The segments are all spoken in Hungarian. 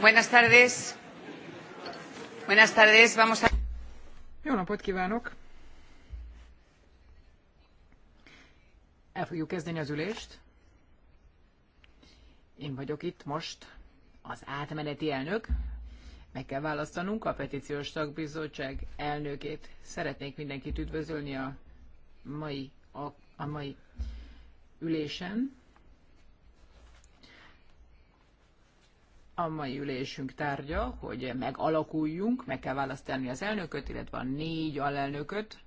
Buenas tardes. Buenas tardes. Vamos a... Jó napot kívánok! El fogjuk kezdeni az ülést. Én vagyok itt most az átmeneti elnök. Meg kell választanunk a petíciós tagbizottság elnökét. Szeretnék mindenkit üdvözölni a mai, a, a mai ülésen. a mai ülésünk tárgya, hogy megalakuljunk, meg kell választani az elnököt, illetve a négy alelnököt.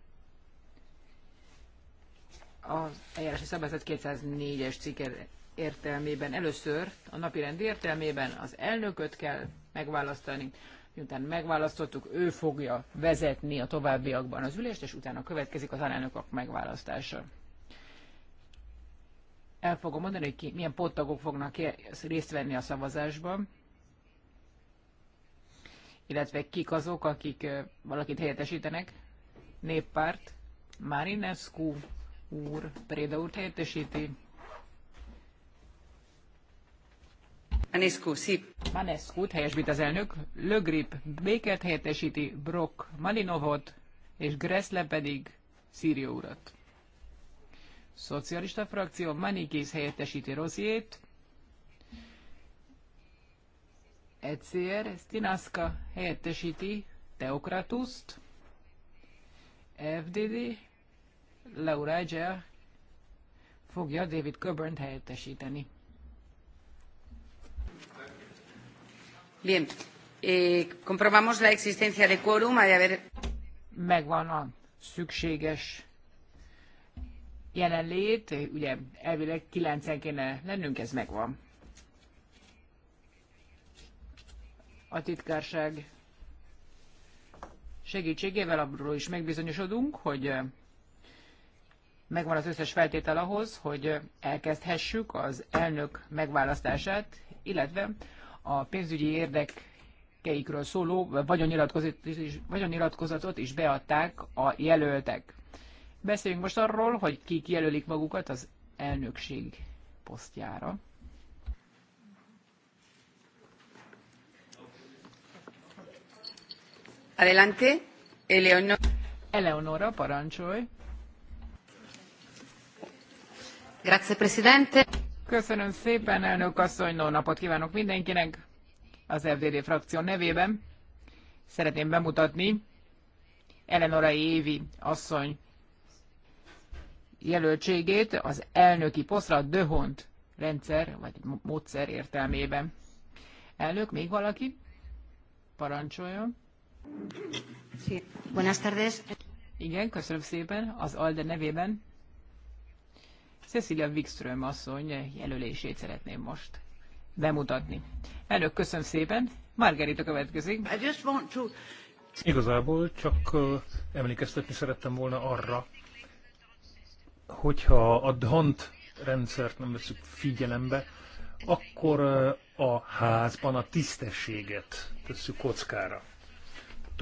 Az eljárási szabályzat 204-es cikke értelmében először, a napi rend értelmében az elnököt kell megválasztani, miután megválasztottuk, ő fogja vezetni a továbbiakban az ülést, és utána következik az alelnökök megválasztása el fogom mondani, hogy ki, milyen pottagok fognak részt venni a szavazásban illetve kik azok, akik valakit helyettesítenek. Néppárt, Marinescu úr, Préda úr helyettesíti. Manescu, szép. Manescu, helyesbít az elnök. Lögrip Békert helyettesíti, Brock Malinovot, és Gressle pedig Szírió urat. Szocialista frakció Manikész helyettesíti Rosziét, ECR, Stinaska helyettesíti Teokratuszt, FDD, Laura fogja David coburn helyettesíteni. Bien, eh, comprobamos la existencia de quórum, ha de haber... Megvan a szükséges jelenlét, ugye elvileg 9 kéne lennünk, ez megvan. a titkárság segítségével abról is megbizonyosodunk, hogy megvan az összes feltétel ahhoz, hogy elkezdhessük az elnök megválasztását, illetve a pénzügyi érdekeikről szóló vagyonnyilatkozatot is, vagyonnyilatkozatot is beadták a jelöltek. Beszéljünk most arról, hogy kik jelölik magukat az elnökség posztjára. Adelante, Eleonora. Eleonora, parancsolj. Grazie, Presidente. Köszönöm szépen, elnök asszony, no napot kívánok mindenkinek az FDD frakció nevében. Szeretném bemutatni Eleonora Évi asszony jelöltségét az elnöki posztra Döhont rendszer vagy módszer értelmében. Elnök, még valaki? Parancsoljon. Buenas tardes. Igen, köszönöm szépen az ALDE nevében. Cecilia Wikström asszony jelölését szeretném most bemutatni. Elnök, köszönöm szépen. Margarita következik. I just want to... Igazából csak emlékeztetni szerettem volna arra, hogyha a DHANT rendszert nem veszük figyelembe, akkor a házban a tisztességet tesszük kockára.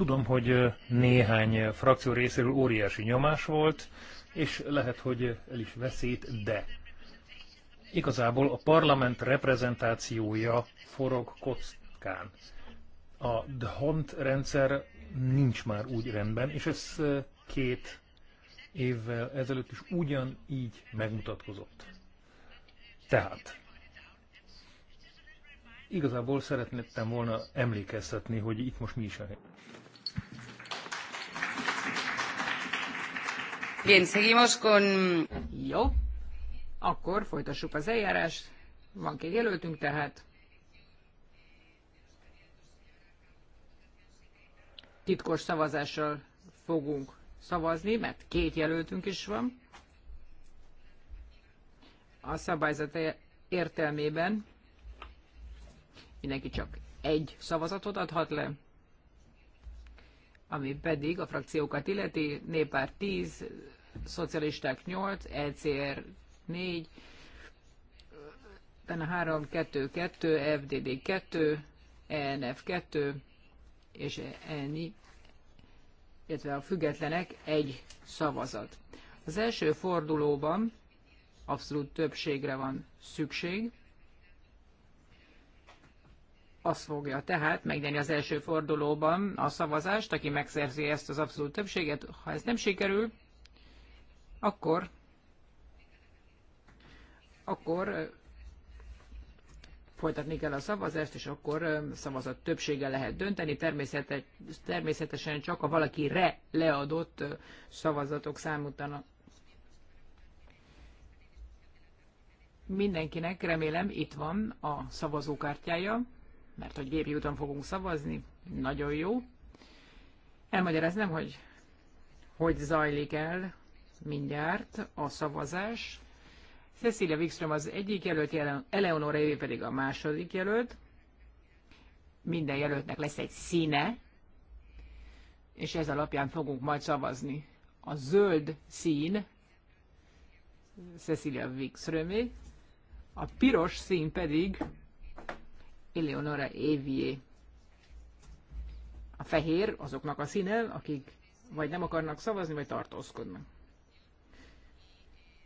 Tudom, hogy néhány frakció részéről óriási nyomás volt, és lehet, hogy el is veszít, de igazából a parlament reprezentációja forog kockán. A DHONT rendszer nincs már úgy rendben, és ez két évvel ezelőtt is ugyanígy megmutatkozott. Tehát, igazából szeretném volna emlékeztetni, hogy itt most mi is a Bien, seguimos con... Jó, akkor folytassuk az eljárást. Van két jelöltünk tehát. Titkos szavazással fogunk szavazni, mert két jelöltünk is van. A szabályzat e- értelmében mindenki csak egy szavazatot adhat le ami pedig a frakciókat illeti, néppárt 10, szocialisták 8, ECR 4, a 3, 2, 2, FDD 2, ENF 2, és ENI, illetve a függetlenek egy szavazat. Az első fordulóban abszolút többségre van szükség, az fogja tehát megnyerni az első fordulóban a szavazást, aki megszerzi ezt az abszolút többséget. Ha ez nem sikerül, akkor akkor folytatni kell a szavazást, és akkor szavazat többsége lehet dönteni, természetesen csak a valaki re leadott szavazatok számútan. Mindenkinek remélem itt van a szavazókártyája mert hogy gépi úton fogunk szavazni, nagyon jó. Elmagyaráznám, hogy hogy zajlik el mindjárt a szavazás. Cecilia Wikström az egyik jelölt, Eleonora Évi pedig a második jelölt. Minden jelöltnek lesz egy színe, és ez alapján fogunk majd szavazni. A zöld szín Cecilia Wikströmé, a piros szín pedig Eleonora Évié. A fehér azoknak a színe, akik vagy nem akarnak szavazni, vagy tartózkodnak.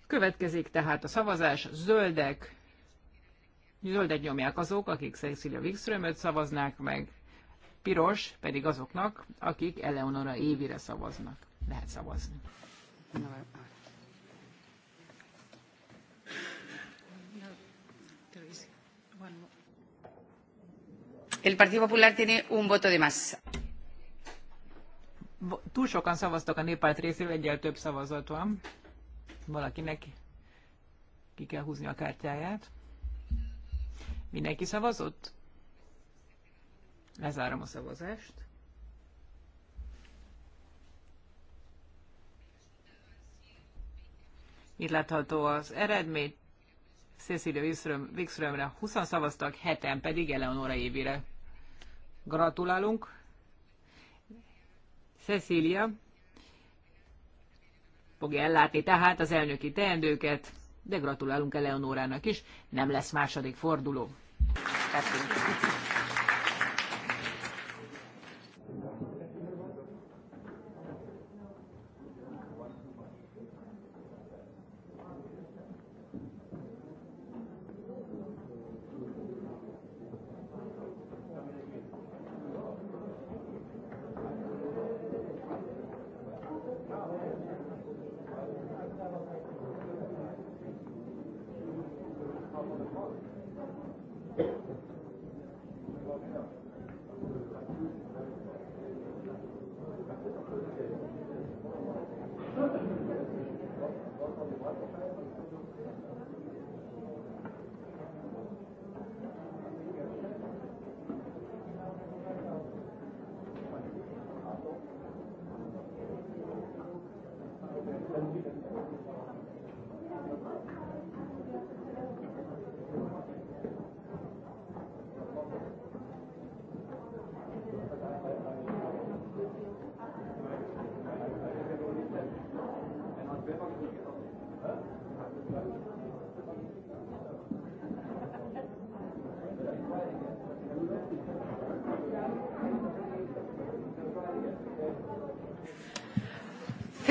Következik tehát a szavazás, zöldek, zöldek nyomják azok, akik Cecilia Wikströmöt szavaznák meg, piros pedig azoknak, akik Eleonora Évire szavaznak. Lehet szavazni. El Partido Popular tiene un voto de más. Túl sokan szavaztak a néppárt részéről, egyel több szavazat van. Valakinek ki kell húzni a kártyáját. Mindenki szavazott? Lezárom a szavazást. Itt látható az eredmény. Cecilia Wikströmre 20 szavaztak, heten pedig Eleonora Évire. Gratulálunk. Cecília fogja ellátni tehát az elnöki teendőket, de gratulálunk Eleonórának is, nem lesz második forduló. Köszönjük.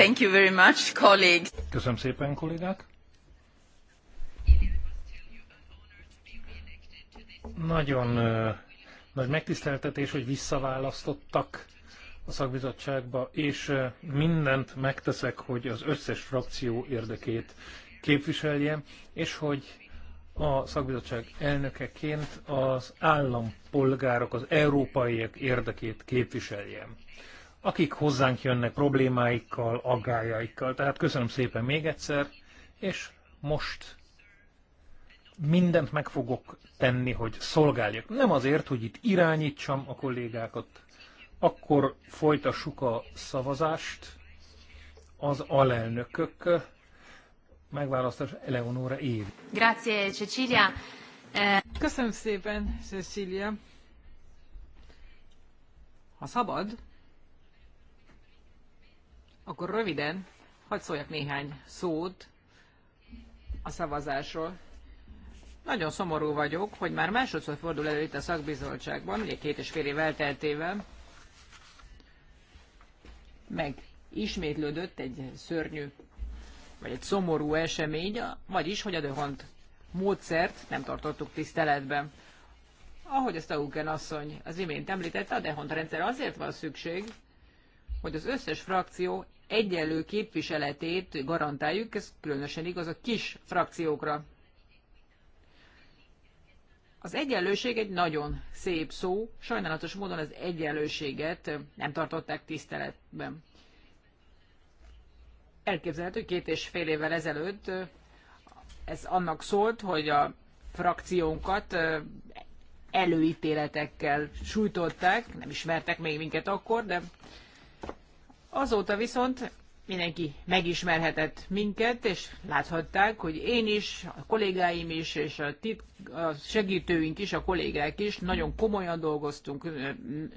Thank you very much, colleagues. Köszönöm szépen, kollégák. Nagyon uh, nagy megtiszteltetés, hogy visszaválasztottak a szakbizottságba, és uh, mindent megteszek, hogy az összes frakció érdekét képviseljem, és hogy a szakbizottság elnökeként az állampolgárok, az európaiak érdekét képviseljem akik hozzánk jönnek problémáikkal, aggájaikkal. Tehát köszönöm szépen még egyszer, és most mindent meg fogok tenni, hogy szolgáljak. Nem azért, hogy itt irányítsam a kollégákat. Akkor folytassuk a szavazást. Az alelnökök megválasztás Eleonora Év. Grazie, Cecilia. Köszönöm szépen, Cecilia. Ha szabad, akkor röviden, hadd szóljak néhány szót a szavazásról. Nagyon szomorú vagyok, hogy már másodszor fordul elő itt a szakbizottságban, ugye két és fél év elteltével, meg ismétlődött egy szörnyű, vagy egy szomorú esemény, vagyis, hogy a döhant módszert nem tartottuk tiszteletben. Ahogy ezt a Uken asszony az imént említette, a dehont rendszer azért van szükség, hogy az összes frakció egyenlő képviseletét garantáljuk, ez különösen igaz a kis frakciókra. Az egyenlőség egy nagyon szép szó, sajnálatos módon az egyenlőséget nem tartották tiszteletben. Elképzelhető, hogy két és fél évvel ezelőtt ez annak szólt, hogy a frakciónkat előítéletekkel sújtották, nem ismertek még minket akkor, de Azóta viszont mindenki megismerhetett minket, és láthatták, hogy én is, a kollégáim is, és a, tit- a segítőink is, a kollégák is nagyon komolyan dolgoztunk,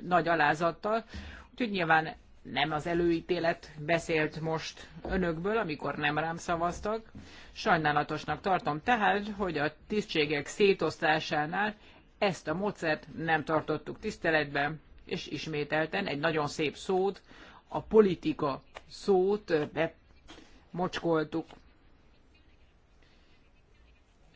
nagy alázattal, úgyhogy nyilván nem az előítélet beszélt most önökből, amikor nem rám szavaztak. Sajnálatosnak tartom tehát, hogy a tisztségek szétosztásánál ezt a módszert nem tartottuk tiszteletben, és ismételten egy nagyon szép szót, a politika szót bemocskoltuk.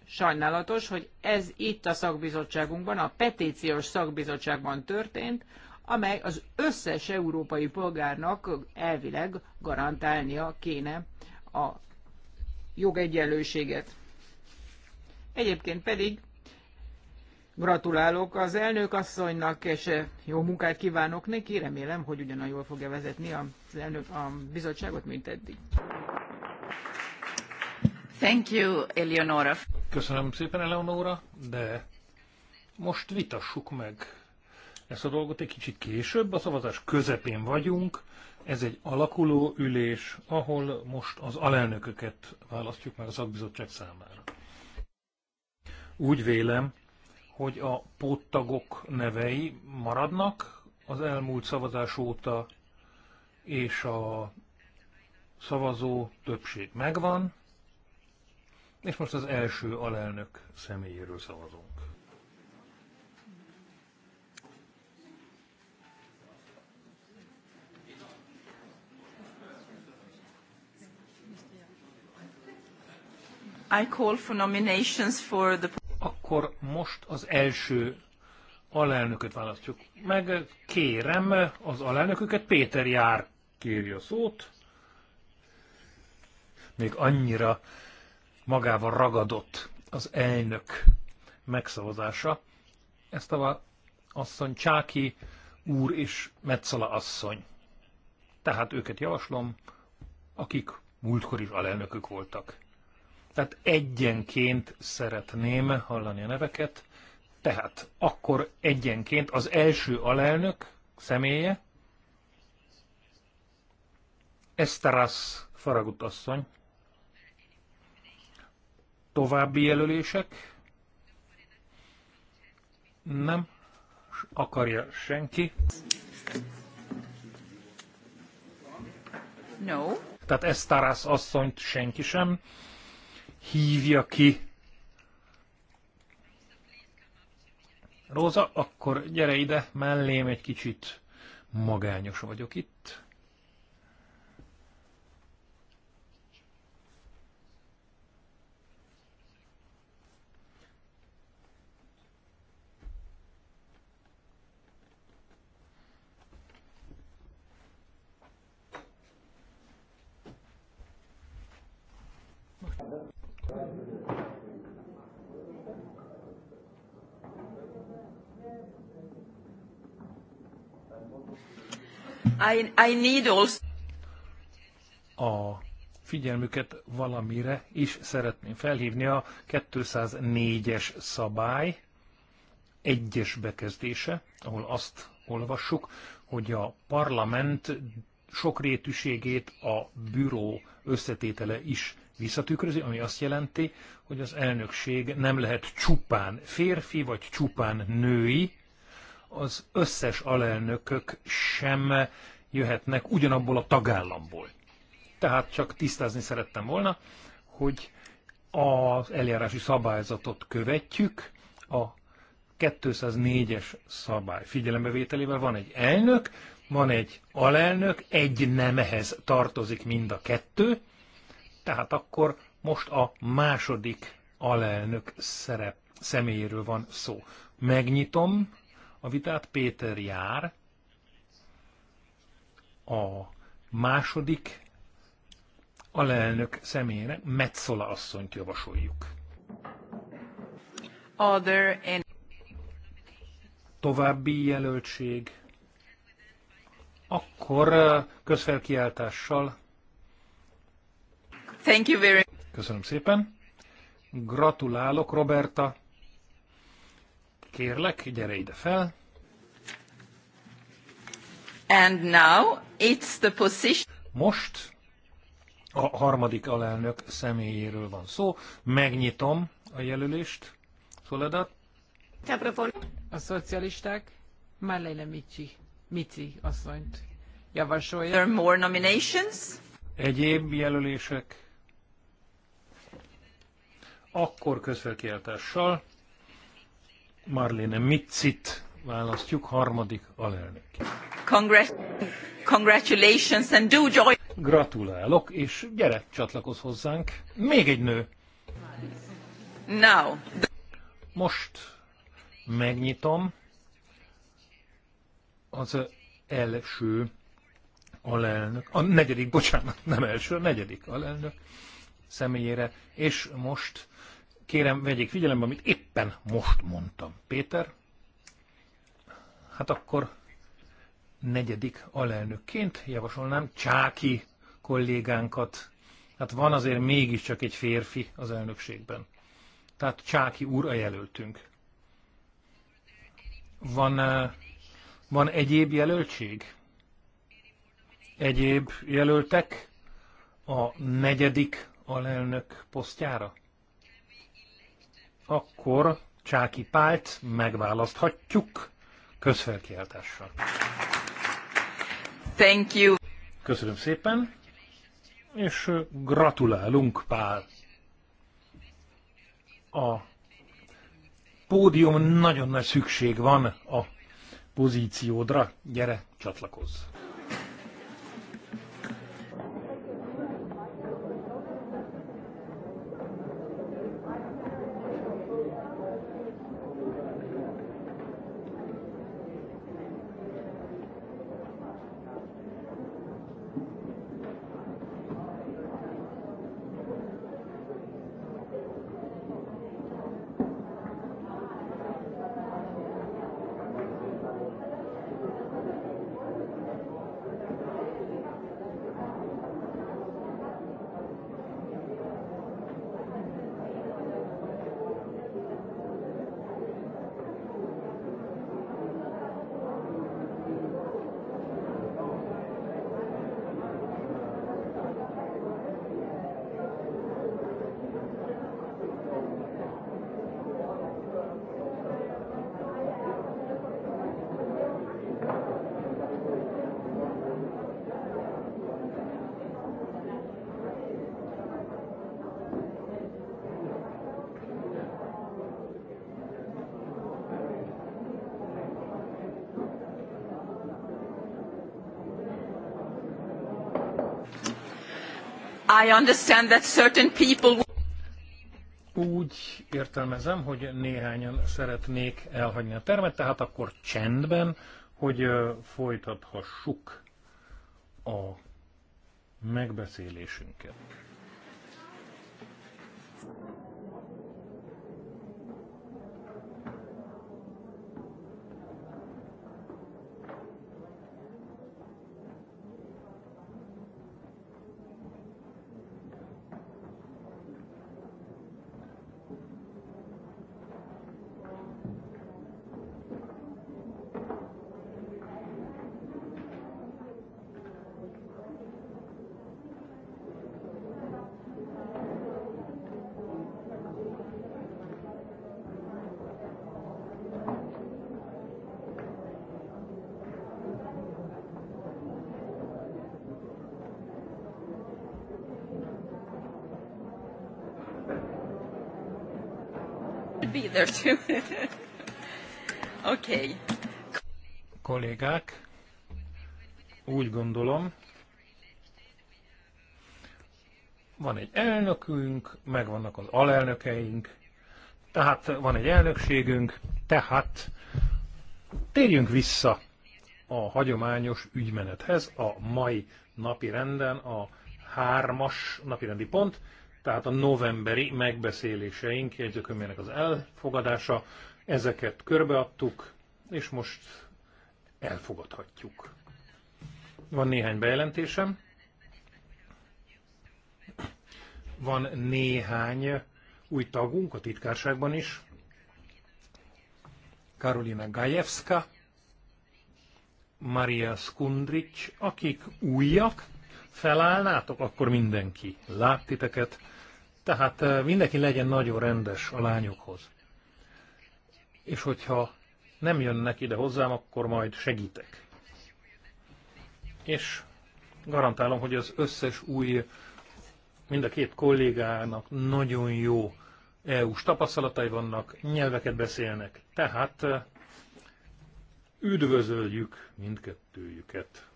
Sajnálatos, hogy ez itt a szakbizottságunkban, a petíciós szakbizottságban történt, amely az összes európai polgárnak elvileg garantálnia kéne a jogegyenlőséget. Egyébként pedig Gratulálok az elnök asszonynak, és eh, jó munkát kívánok neki. Remélem, hogy ugyanaz jól fogja vezetni az elnök, a bizottságot, mint eddig. Thank you, Eleonora. Köszönöm szépen, Eleonora, de most vitassuk meg ezt a dolgot egy kicsit később. A szavazás közepén vagyunk. Ez egy alakuló ülés, ahol most az alelnököket választjuk meg a szakbizottság számára. Úgy vélem, hogy a póttagok nevei maradnak az elmúlt szavazás óta, és a szavazó többség megvan, és most az első alelnök személyéről szavazunk. I call for nominations for the akkor most az első alelnököt választjuk. Meg kérem az alelnököket, Péter Jár kérje a szót. Még annyira magával ragadott az elnök megszavazása. Ezt a asszony Csáki úr és Metzala asszony. Tehát őket javaslom, akik múltkor is alelnökök voltak. Tehát egyenként szeretném hallani a neveket. Tehát akkor egyenként az első alelnök személye, Eszterász Faragut asszony, további jelölések, nem akarja senki. No. Tehát Eszterász asszonyt senki sem hívja ki. Róza, akkor gyere ide, mellém egy kicsit magányos vagyok itt. A figyelmüket valamire is szeretném felhívni a 204-es szabály egyes bekezdése, ahol azt olvassuk, hogy a parlament sokrétűségét a büró összetétele is visszatükrözi, ami azt jelenti, hogy az elnökség nem lehet csupán férfi vagy csupán női, az összes alelnökök sem jöhetnek ugyanabból a tagállamból. Tehát csak tisztázni szerettem volna, hogy az eljárási szabályzatot követjük, a 204-es szabály figyelembevételével van egy elnök, van egy alelnök, egy nemhez tartozik mind a kettő, tehát akkor most a második alelnök szerep személyéről van szó. Megnyitom a vitát. Péter Jár a második alelnök személyének Metzola asszonyt javasoljuk. Any... További jelöltség. Akkor közfelkiáltással. Thank you very... Köszönöm szépen. Gratulálok, Roberta. Kérlek, gyere ide fel. And now it's the position. Most a harmadik alelnök személyéről van szó. Megnyitom a jelölést. Szoledat. A szocialisták Marlene Mici, Mici asszonyt javasolja. There are more nominations? Egyéb jelölések? Akkor közfelkiáltással Marlene Mitzit választjuk harmadik alelnök. congratulations and do joy. Gratulálok, és gyere, csatlakozz hozzánk. Még egy nő. Now. Most megnyitom az első alelnök, a negyedik, bocsánat, nem első, a negyedik alelnök személyére, és most Kérem, vegyék figyelembe, amit éppen most mondtam. Péter, hát akkor negyedik alelnökként javasolnám Csáki kollégánkat. Hát van azért mégiscsak egy férfi az elnökségben. Tehát Csáki úr a jelöltünk. Van, eh, van egyéb jelöltség? Egyéb jelöltek a negyedik alelnök posztjára? akkor Csáki Pált megválaszthatjuk közfelkiáltással. Thank you. Köszönöm szépen, és gratulálunk Pál. A pódium nagyon nagy szükség van a pozíciódra. Gyere, csatlakozz! I understand that certain people... Úgy értelmezem, hogy néhányan szeretnék elhagyni a termet, tehát akkor csendben, hogy folytathassuk a megbeszélésünket. be there too. okay. Kollégák, úgy gondolom, van egy elnökünk, meg vannak az alelnökeink, tehát van egy elnökségünk, tehát térjünk vissza a hagyományos ügymenethez, a mai napi renden a hármas napirendi pont, tehát a novemberi megbeszéléseink jegyzőkönyvének az elfogadása, ezeket körbeadtuk, és most elfogadhatjuk. Van néhány bejelentésem. Van néhány új tagunk a titkárságban is. Karolina Gajewska, Maria Skundrich, akik újak, felállnátok, akkor mindenki lát titeket. Tehát eh, mindenki legyen nagyon rendes a lányokhoz. És hogyha nem jönnek ide hozzám, akkor majd segítek. És garantálom, hogy az összes új, mind a két kollégának nagyon jó EU-s tapasztalatai vannak, nyelveket beszélnek. Tehát eh, üdvözöljük mindkettőjüket.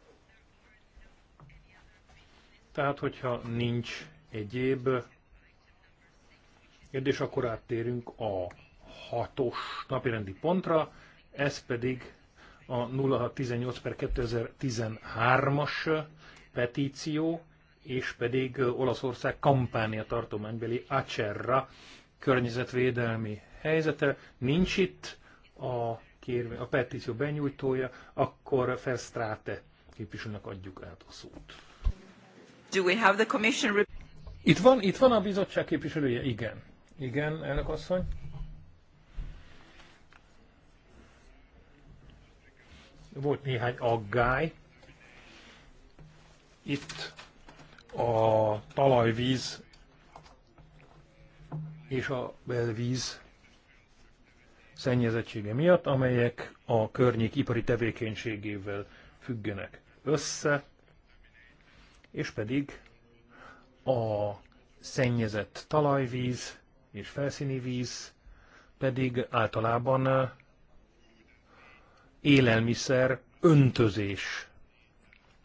Tehát, hogyha nincs egyéb kérdés, akkor áttérünk a hatos napirendi pontra, ez pedig a 0618 per 2013-as petíció, és pedig Olaszország kampánia tartománybeli Acerra környezetvédelmi helyzete. Nincs itt a, kérve, a petíció benyújtója, akkor Ferstráte képviselőnek adjuk át a szót. Do we have the commission... Itt van, itt van a bizottság képviselője? Igen. Igen, elnök asszony. Volt néhány aggály. Itt a talajvíz és a belvíz szennyezettsége miatt, amelyek a környék ipari tevékenységével függenek össze és pedig a szennyezett talajvíz és felszíni víz pedig általában eh, élelmiszer öntözés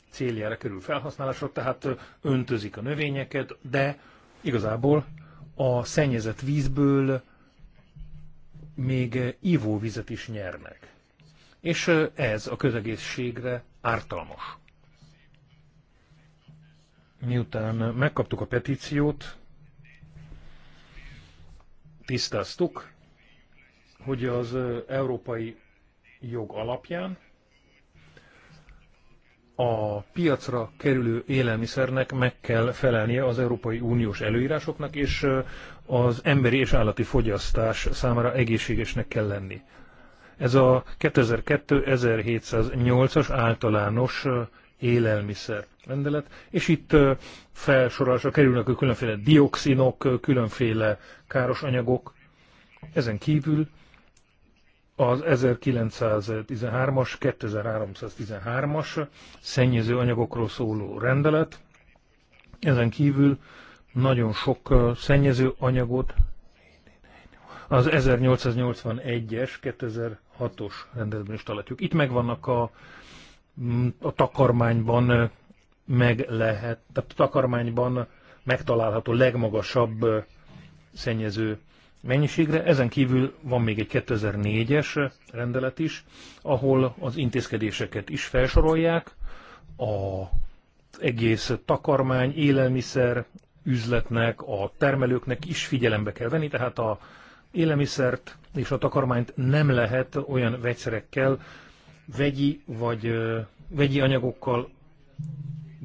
céljára kerül felhasználásra, tehát eh, öntözik a növényeket, de igazából a szennyezett vízből még eh, ivóvizet is nyernek. És ez a közegészségre ártalmas miután megkaptuk a petíciót, tisztáztuk, hogy az európai jog alapján a piacra kerülő élelmiszernek meg kell felelnie az Európai Uniós előírásoknak, és az emberi és állati fogyasztás számára egészségesnek kell lenni. Ez a 2002-1708-as általános élelmiszer rendelet, és itt felsorolásra kerülnek a különféle dioxinok, különféle káros anyagok. Ezen kívül az 1913-as, 2313-as szennyező anyagokról szóló rendelet. Ezen kívül nagyon sok szennyező anyagot az 1881-es, 2006-os rendeletben is találjuk. Itt megvannak a Mm, a takarmányban meg lehet, tehát a takarmányban megtalálható legmagasabb szennyező mennyiségre. Ezen kívül van még egy 2004-es rendelet is, ahol az intézkedéseket is felsorolják, a egész takarmány, élelmiszer üzletnek, a termelőknek is figyelembe kell venni, tehát a élelmiszert és a takarmányt nem lehet olyan vegyszerekkel vegyi vagy vegyi anyagokkal,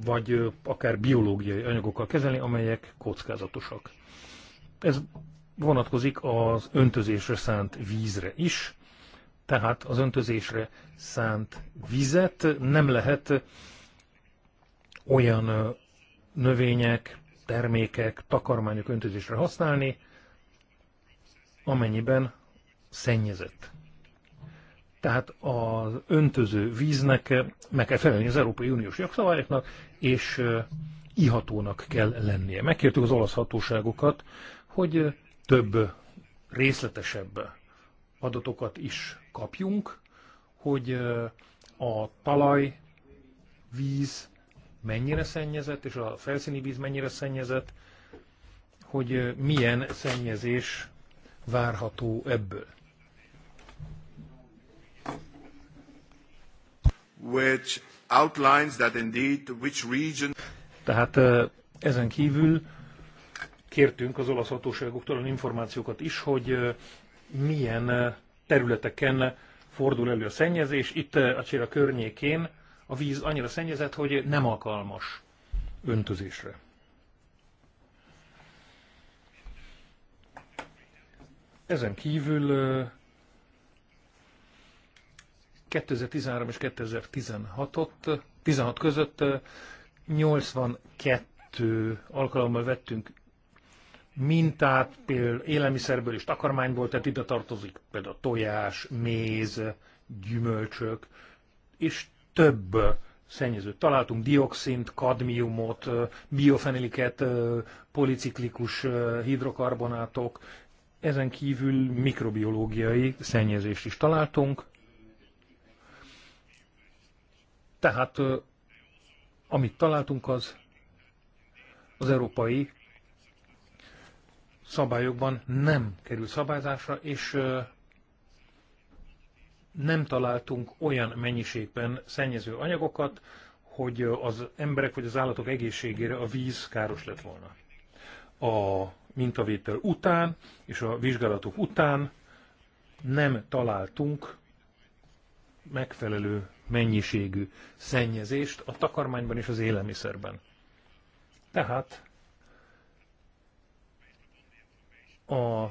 vagy akár biológiai anyagokkal kezelni, amelyek kockázatosak. Ez vonatkozik az öntözésre szánt vízre is, tehát az öntözésre szánt vizet nem lehet olyan növények, termékek, takarmányok öntözésre használni, amennyiben szennyezett. Tehát az öntöző víznek meg kell felelni az Európai Uniós jogszabályoknak, és ihatónak kell lennie. Megkértük az olasz hatóságokat, hogy több részletesebb adatokat is kapjunk, hogy a talaj, víz mennyire szennyezett, és a felszíni víz mennyire szennyezett, hogy milyen szennyezés várható ebből. which outlines that indeed which region... Tehát ezen kívül kértünk az olasz hatóságoktól olyan információkat is, hogy milyen területeken fordul elő a szennyezés. Itt a Csira környékén a víz annyira szennyezett, hogy nem alkalmas öntözésre. Ezen kívül 2013 és 2016-ot, 16 között 82 alkalommal vettünk mintát, például élelmiszerből és takarmányból, tehát ide tartozik például tojás, méz, gyümölcsök, és több szennyezőt találtunk, dioxint, kadmiumot, biofeniliket, policiklikus hidrokarbonátok, ezen kívül mikrobiológiai szennyezést is találtunk, Tehát amit találtunk, az az európai szabályokban nem kerül szabályzásra, és nem találtunk olyan mennyiségben szennyező anyagokat, hogy az emberek vagy az állatok egészségére a víz káros lett volna. A mintavétel után és a vizsgálatok után nem találtunk megfelelő mennyiségű szennyezést a takarmányban és az élelmiszerben. Tehát a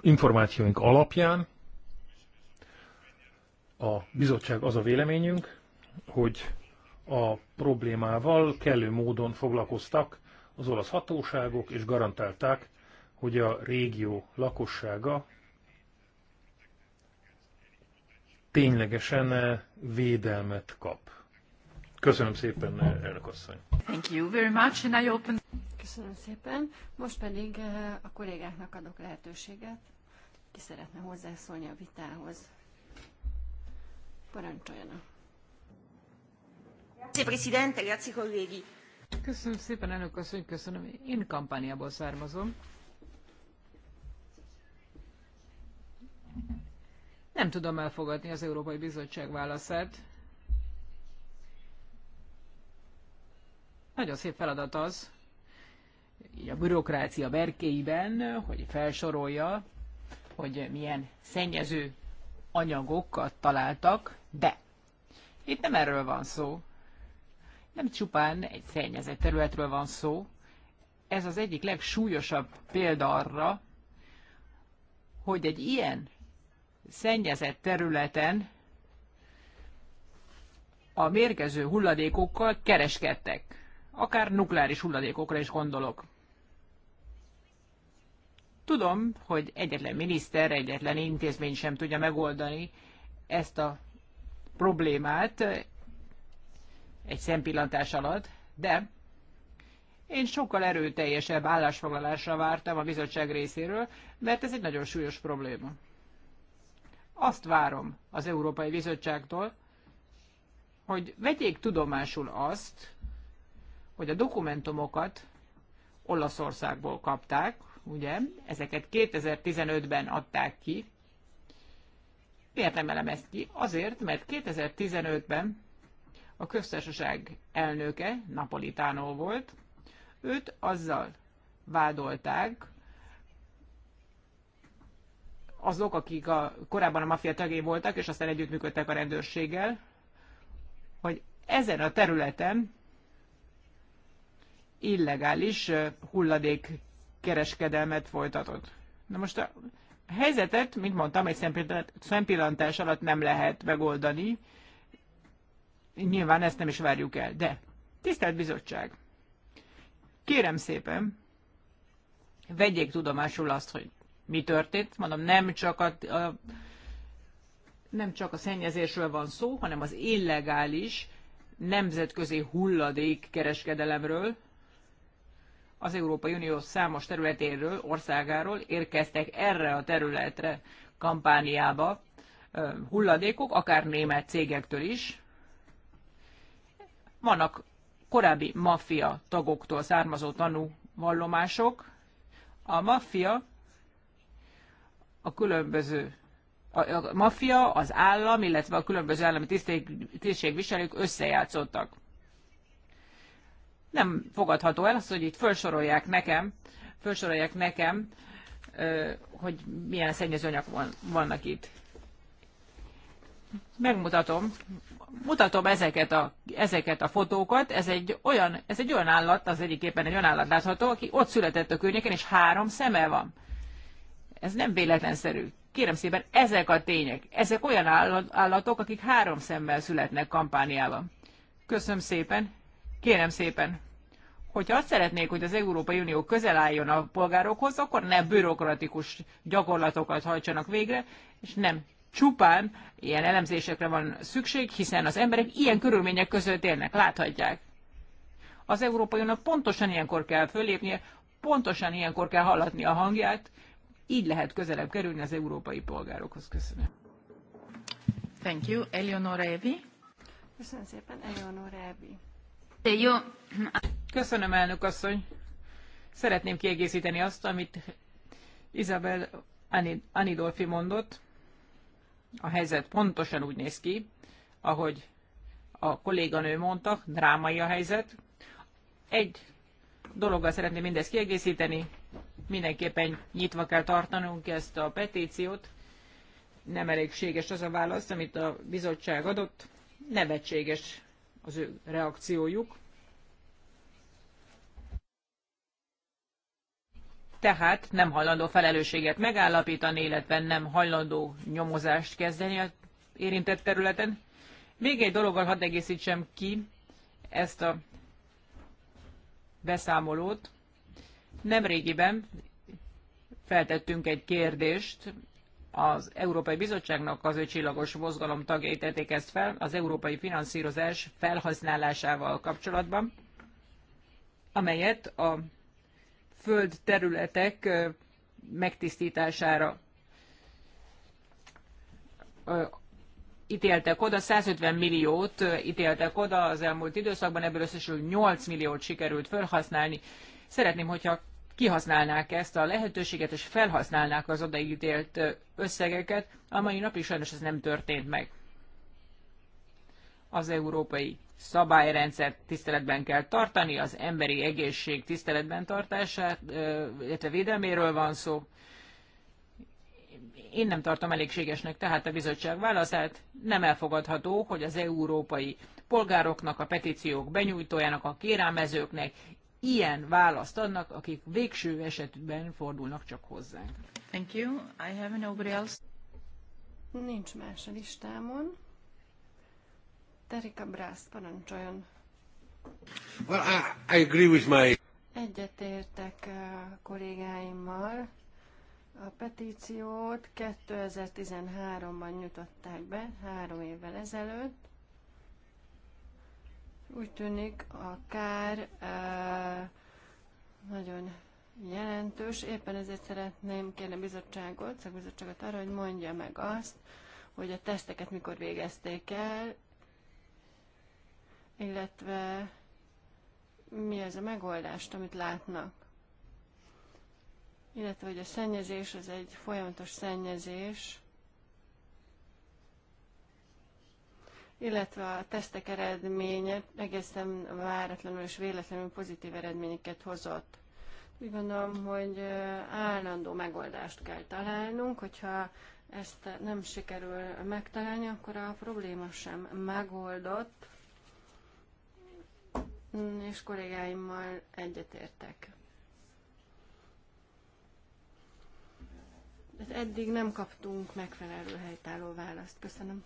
információink alapján a bizottság az a véleményünk, hogy a problémával kellő módon foglalkoztak az olasz hatóságok, és garantálták, hogy a régió lakossága ténylegesen eh, védelmet kap. Köszönöm szépen, eh, elnök asszony. Thank you very much, and I open... Köszönöm szépen. Most pedig eh, a kollégáknak adok lehetőséget, ki szeretne hozzászólni a vitához. Parancsoljanak. Köszönöm szépen, elnök asszony, köszönöm. Én kampányából származom. Nem tudom elfogadni az Európai Bizottság válaszát. Nagyon szép feladat az, így a bürokrácia berkéiben, hogy felsorolja, hogy milyen szennyező anyagokat találtak, de itt nem erről van szó. Nem csupán egy szennyezett területről van szó. Ez az egyik legsúlyosabb példa arra, hogy egy ilyen szennyezett területen a mérgező hulladékokkal kereskedtek. Akár nukleáris hulladékokra is gondolok. Tudom, hogy egyetlen miniszter, egyetlen intézmény sem tudja megoldani ezt a problémát egy szempillantás alatt, de én sokkal erőteljesebb állásfoglalásra vártam a bizottság részéről, mert ez egy nagyon súlyos probléma. Azt várom az Európai Bizottságtól, hogy vegyék tudomásul azt, hogy a dokumentumokat Olaszországból kapták, ugye, ezeket 2015-ben adták ki. Miért elem ezt ki? Azért, mert 2015-ben a köztársaság elnöke Napolitánó volt, őt azzal vádolták, azok, akik a, korábban a maffia tagjai voltak, és aztán együttműködtek a rendőrséggel, hogy ezen a területen illegális hulladék kereskedelmet folytatott. Na most a helyzetet, mint mondtam, egy szempillantás alatt nem lehet megoldani. Nyilván ezt nem is várjuk el. De, tisztelt bizottság, kérem szépen, vegyék tudomásul azt, hogy mi történt. Mondom, nem csak a, a, nem csak a szennyezésről van szó, hanem az illegális nemzetközi hulladék kereskedelemről, az Európai Unió számos területéről, országáról érkeztek erre a területre kampániába hulladékok, akár német cégektől is. Vannak korábbi maffia tagoktól származó tanúvallomások. A maffia a különböző a, a maffia, az állam, illetve a különböző állami tisztségviselők összejátszottak. Nem fogadható el az, hogy itt felsorolják nekem, felsorolják nekem, hogy milyen szennyezőanyag van, vannak itt. Megmutatom, mutatom ezeket a, ezeket a fotókat, ez egy, olyan, ez egy olyan állat, az egyik éppen egy olyan állat látható, aki ott született a környéken, és három szeme van. Ez nem véletlenszerű. Kérem szépen, ezek a tények, ezek olyan állatok, akik három szemmel születnek kampániában. Köszönöm szépen, kérem szépen, hogyha azt szeretnék, hogy az Európai Unió közel álljon a polgárokhoz, akkor ne bürokratikus gyakorlatokat hajtsanak végre, és nem csupán ilyen elemzésekre van szükség, hiszen az emberek ilyen körülmények között élnek, láthatják. Az Európai Uniónak pontosan ilyenkor kell fölépnie, pontosan ilyenkor kell hallatni a hangját, így lehet közelebb kerülni az európai polgárokhoz. Köszönöm. Thank you. Eleonora Evi. Köszönöm szépen, Eleonora Evi. Jó. Köszönöm, elnök asszony. Szeretném kiegészíteni azt, amit Isabel Anidolfi mondott. A helyzet pontosan úgy néz ki, ahogy a kolléganő mondta, drámai a helyzet. Egy dologgal szeretném mindezt kiegészíteni, mindenképpen nyitva kell tartanunk ezt a petíciót. Nem elégséges az a válasz, amit a bizottság adott. Nevetséges az ő reakciójuk. tehát nem hajlandó felelősséget megállapítani, illetve nem hajlandó nyomozást kezdeni az érintett területen. Még egy dologgal hadd egészítsem ki ezt a beszámolót. Nemrégiben feltettünk egy kérdést az Európai Bizottságnak, az öcsillagos mozgalom tagjai tették ezt fel, az európai finanszírozás felhasználásával kapcsolatban, amelyet a föld területek megtisztítására ítéltek oda, 150 milliót ítéltek oda az elmúlt időszakban, ebből összesül 8 milliót sikerült felhasználni. Szeretném, hogyha kihasználnák ezt a lehetőséget, és felhasználnák az odaítélt összegeket. A mai napig sajnos ez nem történt meg. Az európai szabályrendszert tiszteletben kell tartani, az emberi egészség tiszteletben tartását, illetve védelméről van szó. Én nem tartom elégségesnek tehát a bizottság válaszát. Nem elfogadható, hogy az európai polgároknak, a petíciók benyújtójának, a kérámezőknek ilyen választ adnak, akik végső esetben fordulnak csak hozzánk. Thank you. I have nobody else. Nincs más a listámon. Terika Brász, parancsoljon. Well, I, I agree with my... Egyetértek a uh, kollégáimmal. A petíciót 2013-ban nyújtották be, három évvel ezelőtt úgy tűnik, a kár nagyon jelentős. Éppen ezért szeretném kérni a bizottságot, szakbizottságot arra, hogy mondja meg azt, hogy a teszteket mikor végezték el, illetve mi az a megoldást, amit látnak. Illetve, hogy a szennyezés az egy folyamatos szennyezés, illetve a tesztek eredménye egészen váratlanul és véletlenül pozitív eredményeket hozott. Úgy gondolom, hogy állandó megoldást kell találnunk, hogyha ezt nem sikerül megtalálni, akkor a probléma sem megoldott, és kollégáimmal egyetértek. eddig nem kaptunk megfelelő helytálló választ. Köszönöm.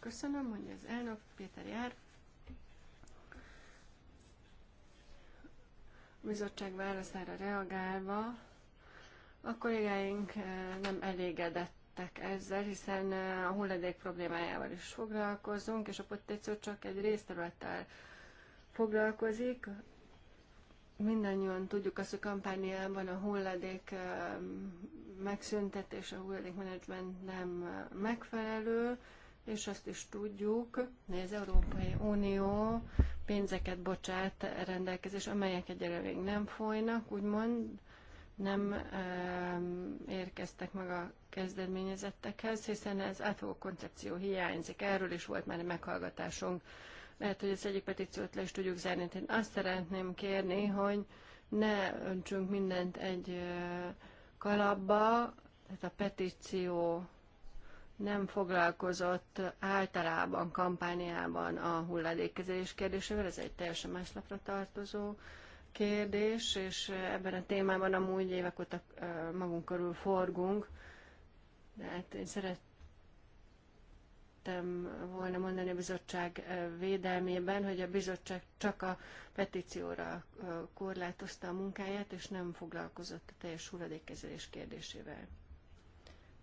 Köszönöm, mondja az elnök, Péter Jár. A bizottság válaszára reagálva, a kollégáink eh, nem elégedettek ezzel, hiszen eh, a hulladék problémájával is foglalkozunk, és a potéció csak egy részterülettel foglalkozik. Mindannyian tudjuk azt, hogy kampányában a hulladék eh, megszüntetése, a hulladékmenedzsment nem megfelelő, és azt is tudjuk, hogy az Európai Unió pénzeket bocsát rendelkezés, amelyek egyre még nem folynak, úgymond nem um, érkeztek meg a kezdeményezettekhez, hiszen ez átfogó koncepció hiányzik. Erről is volt már egy meghallgatásunk. Lehet, hogy az egyik petíciót le is tudjuk zárni. Én azt szeretném kérni, hogy ne öntsünk mindent egy kalapba, tehát a petíció nem foglalkozott általában kampányában a hulladékkezelés kérdésével, ez egy teljesen más lapra tartozó kérdés, és ebben a témában amúgy évek óta magunk körül forgunk. De hát én szerettem volna mondani a bizottság védelmében, hogy a bizottság csak a petícióra korlátozta a munkáját, és nem foglalkozott a teljes hulladékkezelés kérdésével.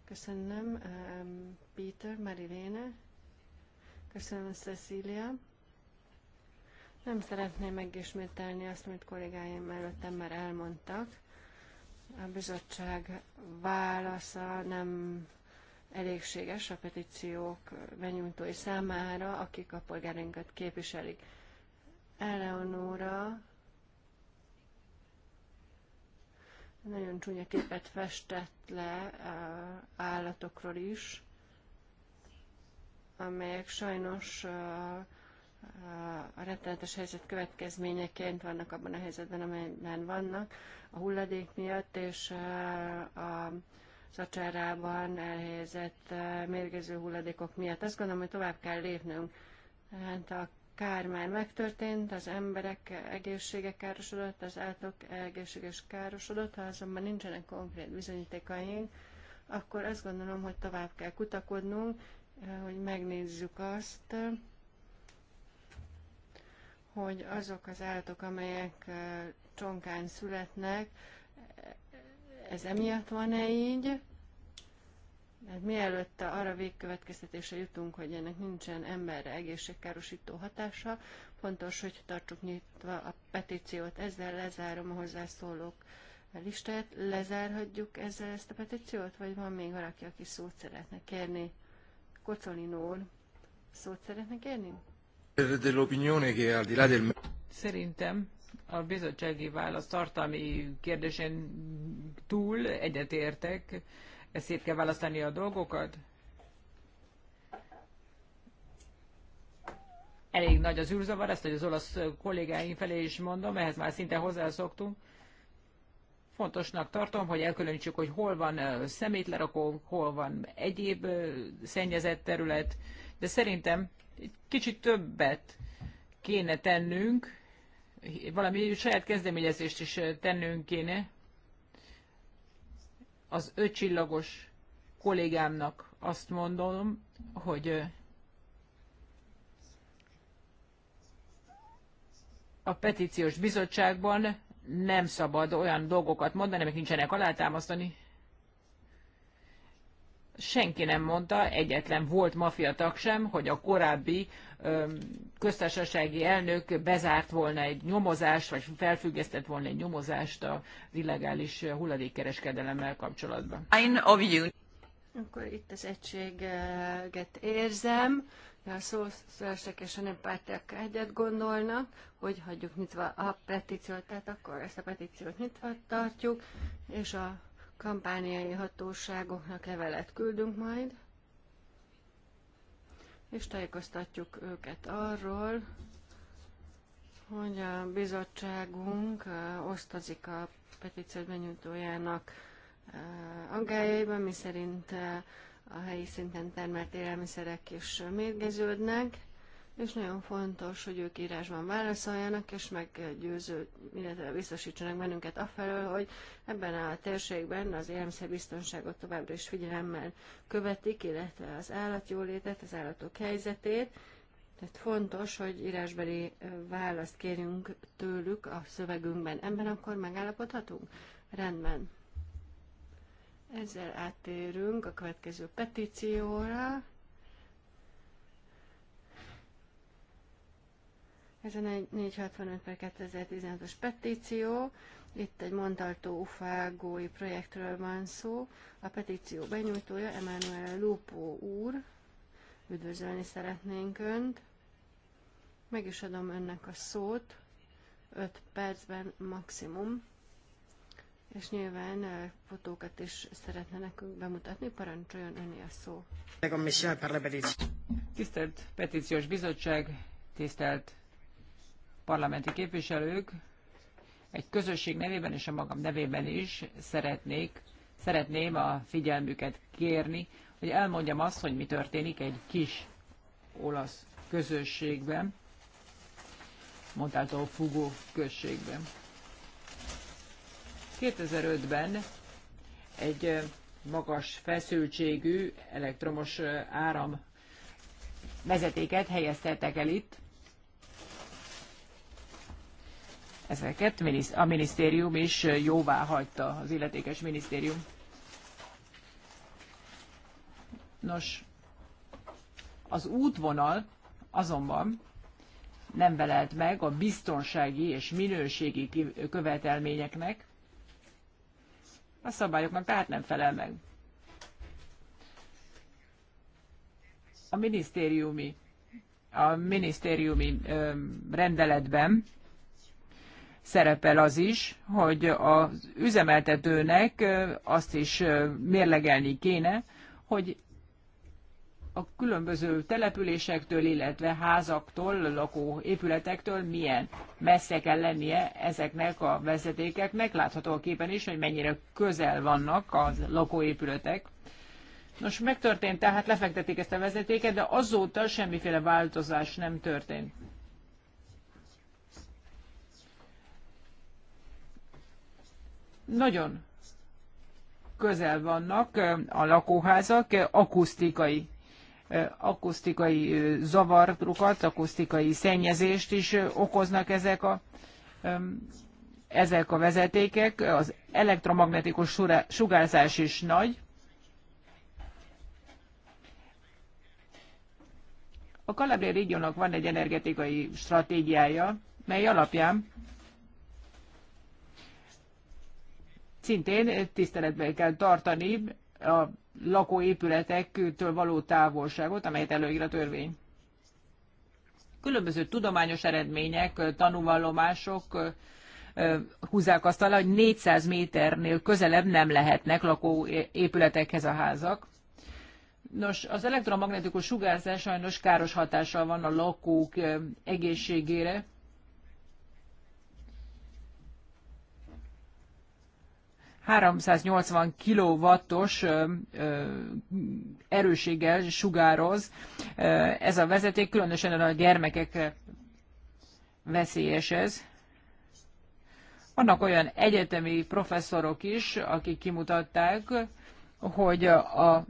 Köszönöm, um, Peter, Mariléne. Köszönöm, Cecília. Nem szeretném megismételni azt, amit kollégáim előttem már elmondtak. A bizottság válasza nem elégséges a petíciók benyújtói számára, akik a polgárinkat képviselik. Eleonóra Nagyon csúnya képet festett le eh, állatokról is, amelyek sajnos eh, eh, a rettenetes helyzet következményeként vannak abban a helyzetben, amelyben vannak, a hulladék miatt, és a szacsárában elhelyezett mérgező hulladékok miatt. Azt gondolom, hogy tovább kell lépnünk. Hát a kár már megtörtént, az emberek egészsége károsodott, az állatok egészséges károsodott, ha azonban nincsenek konkrét bizonyítékaink, akkor azt gondolom, hogy tovább kell kutakodnunk, hogy megnézzük azt, hogy azok az állatok, amelyek eh, csonkán születnek, ez emiatt van-e így, Hát mielőtt arra végkövetkeztetése jutunk, hogy ennek nincsen emberre egészségkárosító hatása, fontos, hogy tartsuk nyitva a petíciót. Ezzel lezárom a hozzászólók listáját. Lezárhatjuk ezzel ezt a petíciót, vagy van még valaki, aki szót szeretne kérni? Kocolino úr, szót szeretne kérni? Szerintem a bizottsági válasz tartalmi kérdésen túl egyetértek szét kell választani a dolgokat. Elég nagy az űrzavar, ezt az olasz kollégáim felé is mondom, ehhez már szinte hozzászoktunk. Fontosnak tartom, hogy elkülönítsük, hogy hol van szemétlerakó, hol van egyéb szennyezett terület, de szerintem egy kicsit többet kéne tennünk, valami saját kezdeményezést is tennünk kéne, az ötcsillagos kollégámnak azt mondom, hogy a petíciós bizottságban nem szabad olyan dolgokat mondani, amik nincsenek alátámasztani, senki nem mondta, egyetlen volt mafia tag sem, hogy a korábbi köztársasági elnök bezárt volna egy nyomozást, vagy felfüggesztett volna egy nyomozást az illegális hulladékkereskedelemmel kapcsolatban. I of you. Akkor itt az egységet érzem, de a szószörösek és a néppártiak egyet gondolnak, hogy hagyjuk nyitva a petíciót, tehát akkor ezt a petíciót nyitva tartjuk, és a kampániai hatóságoknak levelet küldünk majd, és tájékoztatjuk őket arról, hogy a bizottságunk osztozik a petíciót benyújtójának aggájaiban, miszerint a helyi szinten termelt élelmiszerek is mérgeződnek, és nagyon fontos, hogy ők írásban válaszoljanak, és meggyőző, illetve biztosítsanak bennünket afelől, hogy ebben a térségben az élelmiszerbiztonságot továbbra is figyelemmel követik, illetve az állatjólétet, az állatok helyzetét. Tehát fontos, hogy írásbeli választ kérjünk tőlük a szövegünkben. Ebben akkor megállapodhatunk? Rendben. Ezzel áttérünk a következő petícióra. Ez a 465 per 2016-os petíció. Itt egy Montaltó ufágói projektről van szó. A petíció benyújtója Emmanuel Lupo úr. Üdvözölni szeretnénk Önt. Meg is adom Önnek a szót. 5 percben maximum. És nyilván fotókat is szeretne nekünk bemutatni, parancsoljon öné a szó. Tisztelt Petíciós Bizottság, tisztelt parlamenti képviselők egy közösség nevében és a magam nevében is szeretnék, szeretném a figyelmüket kérni, hogy elmondjam azt, hogy mi történik egy kis olasz közösségben, Montától Fugó községben. 2005-ben egy magas feszültségű elektromos áram vezetéket helyeztettek el itt, ezeket a minisztérium is jóvá hagyta, az illetékes minisztérium. Nos, az útvonal azonban nem velelt meg a biztonsági és minőségi követelményeknek, a szabályoknak tehát nem felel meg. A minisztériumi, a minisztériumi ö, rendeletben szerepel az is, hogy az üzemeltetőnek azt is mérlegelni kéne, hogy a különböző településektől, illetve házaktól, lakóépületektől milyen messze kell lennie ezeknek a vezetékeknek. Látható a képen is, hogy mennyire közel vannak az lakóépületek. Nos, megtörtént, tehát lefektetik ezt a vezetéket, de azóta semmiféle változás nem történt. Nagyon közel vannak a lakóházak akusztikai akusztikai zavarokat, akusztikai szennyezést is okoznak ezek a, ezek a vezetékek. Az elektromagnetikus sugárzás is nagy. A Kalabria régiónak van egy energetikai stratégiája, mely alapján szintén tiszteletben kell tartani a lakóépületektől való távolságot, amelyet előír a törvény. Különböző tudományos eredmények, tanúvallomások húzzák azt alá, hogy 400 méternél közelebb nem lehetnek lakóépületekhez a házak. Nos, az elektromagnetikus sugárzás sajnos káros hatással van a lakók egészségére, 380 kilowattos erőséggel sugároz ez a vezeték, különösen a gyermekekre veszélyes ez. Vannak olyan egyetemi professzorok is, akik kimutatták, hogy a, a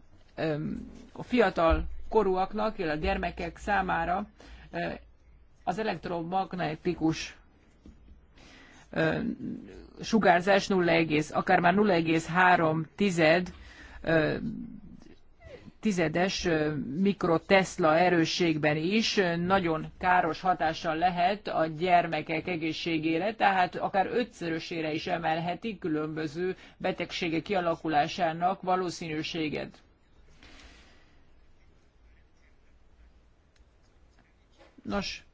fiatal korúaknak, illetve a gyermekek számára az elektromagnetikus sugárzás 0, akár már 0,3 tized tizedes mikrotesla erősségben is nagyon káros hatással lehet a gyermekek egészségére, tehát akár ötszörösére is emelheti különböző betegségek kialakulásának valószínűséget. Nos,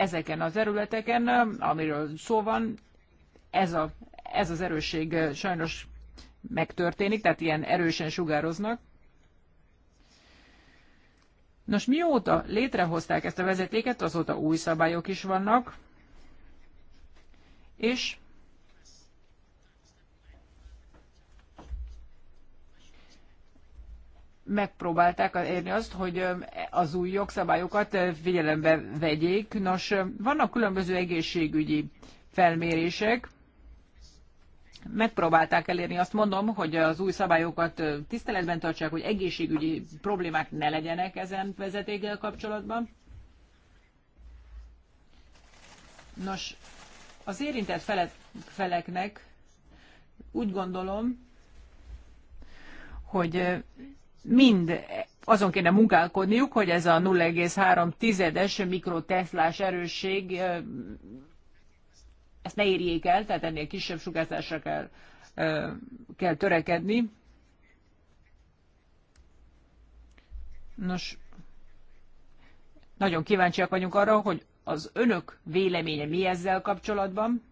ezeken a területeken, amiről szó van, ez, a, ez az erősség sajnos megtörténik, tehát ilyen erősen sugároznak. Nos, mióta létrehozták ezt a vezetéket, azóta új szabályok is vannak, és megpróbálták érni azt, hogy az új jogszabályokat figyelembe vegyék. Nos, vannak különböző egészségügyi felmérések, megpróbálták elérni, azt mondom, hogy az új szabályokat tiszteletben tartsák, hogy egészségügyi problémák ne legyenek ezen vezetékkel kapcsolatban. Nos, az érintett felek, feleknek úgy gondolom, hogy mind azon kéne munkálkodniuk, hogy ez a 0,3-es mikroteslás erősség ezt ne érjék el, tehát ennél kisebb sugárzásra kell, kell törekedni. Nos, nagyon kíváncsiak vagyunk arra, hogy az önök véleménye mi ezzel kapcsolatban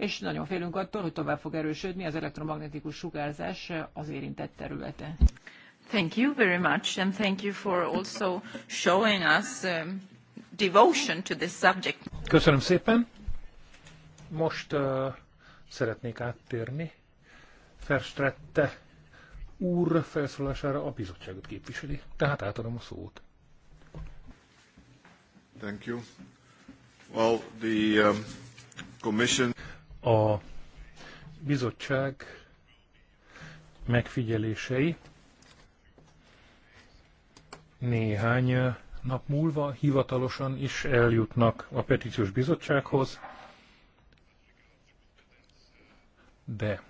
és nagyon félünk attól, hogy tovább fog erősödni az elektromagnetikus sugárzás az érintett területe. Thank you very much, and thank you for also showing us um, devotion to this subject. Köszönöm szépen. Most uh, szeretnék áttérni Ferstrette úr felszólására a bizottságot képviseli. Tehát átadom a szót. Thank you. Well, the um, commission... A bizottság megfigyelései néhány nap múlva hivatalosan is eljutnak a petíciós bizottsághoz, de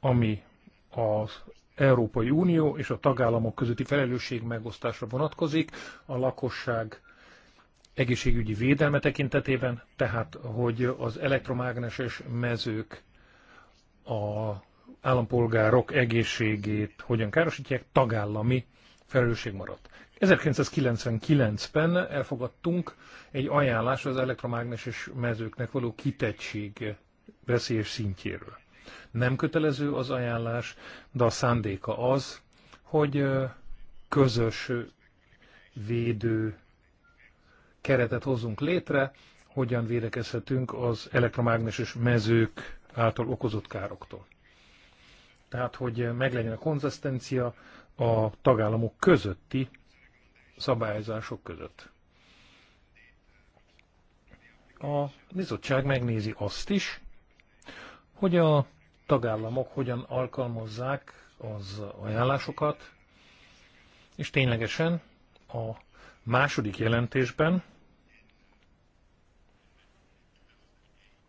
ami az Európai Unió és a tagállamok közötti felelősség megosztásra vonatkozik, a lakosság egészségügyi védelme tekintetében, tehát hogy az elektromágneses mezők a állampolgárok egészségét hogyan károsítják, tagállami felelősség maradt. 1999-ben elfogadtunk egy ajánlást az elektromágneses mezőknek való kitettség veszélyes szintjéről. Nem kötelező az ajánlás, de a szándéka az, hogy közös védő keretet hozunk létre, hogyan védekezhetünk az elektromágneses mezők által okozott károktól. Tehát, hogy meglegyen a konzisztencia a tagállamok közötti szabályozások között. A bizottság megnézi azt is, hogy a tagállamok hogyan alkalmazzák az ajánlásokat, és ténylegesen a második jelentésben,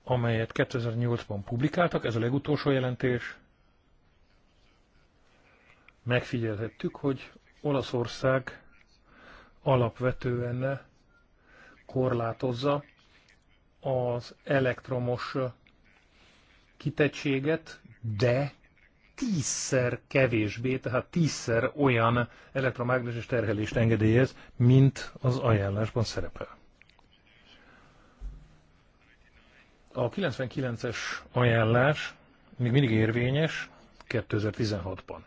amelyet 2008-ban publikáltak, ez a legutolsó jelentés, megfigyelhettük, hogy Olaszország alapvetően korlátozza az elektromos kitettséget, de tízszer kevésbé, tehát tízszer olyan elektromágneses terhelést engedélyez, mint az ajánlásban szerepel. A 99-es ajánlás még mindig érvényes 2016-ban.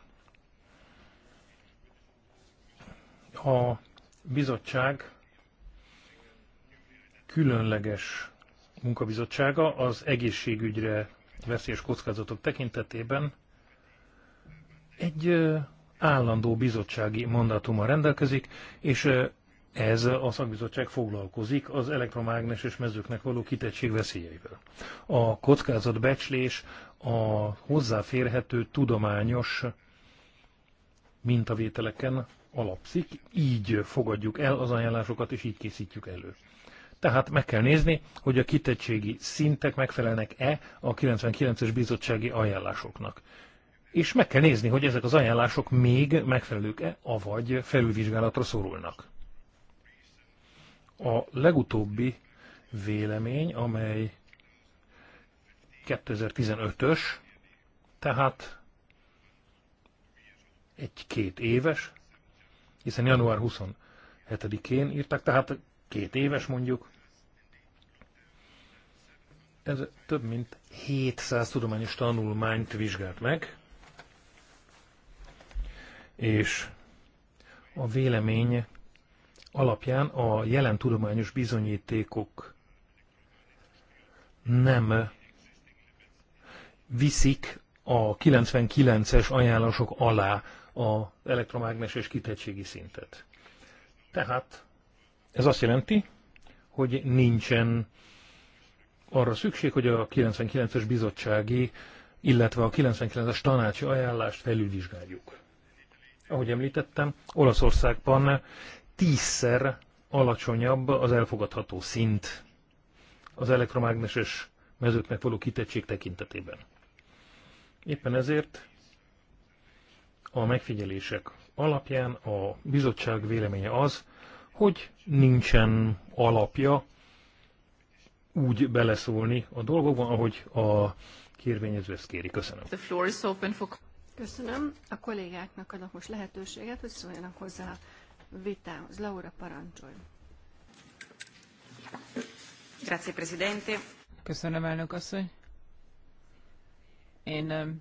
A bizottság különleges munkabizottsága az egészségügyre veszélyes kockázatok tekintetében egy állandó bizottsági mandátuma rendelkezik, és ez a szakbizottság foglalkozik az elektromágneses mezőknek való kitettség veszélyeivel. A kockázatbecslés a hozzáférhető tudományos mintavételeken alapszik, így fogadjuk el az ajánlásokat, és így készítjük elő. Tehát meg kell nézni, hogy a kitettségi szintek megfelelnek-e a 99-es bizottsági ajánlásoknak és meg kell nézni, hogy ezek az ajánlások még megfelelők-e, avagy felülvizsgálatra szorulnak. A legutóbbi vélemény, amely 2015-ös, tehát egy-két éves, hiszen január 27-én írták, tehát két éves mondjuk. Ez több mint 700 tudományos tanulmányt vizsgált meg, és a vélemény alapján a jelen tudományos bizonyítékok nem viszik a 99-es ajánlások alá az elektromágneses kitettségi szintet. Tehát ez azt jelenti, hogy nincsen arra szükség, hogy a 99-es bizottsági, illetve a 99-es tanácsi ajánlást felülvizsgáljuk ahogy említettem, Olaszországban tízszer alacsonyabb az elfogadható szint az elektromágneses mezőknek való kitettség tekintetében. Éppen ezért a megfigyelések alapján a bizottság véleménye az, hogy nincsen alapja úgy beleszólni a dolgokban, ahogy a kérvényező ezt kéri. Köszönöm. The floor is open for... Köszönöm. A kollégáknak adok most lehetőséget, hogy szóljanak hozzá a vitához. Laura, parancsolj. Grazie, Presidente. Köszönöm, elnök asszony. Én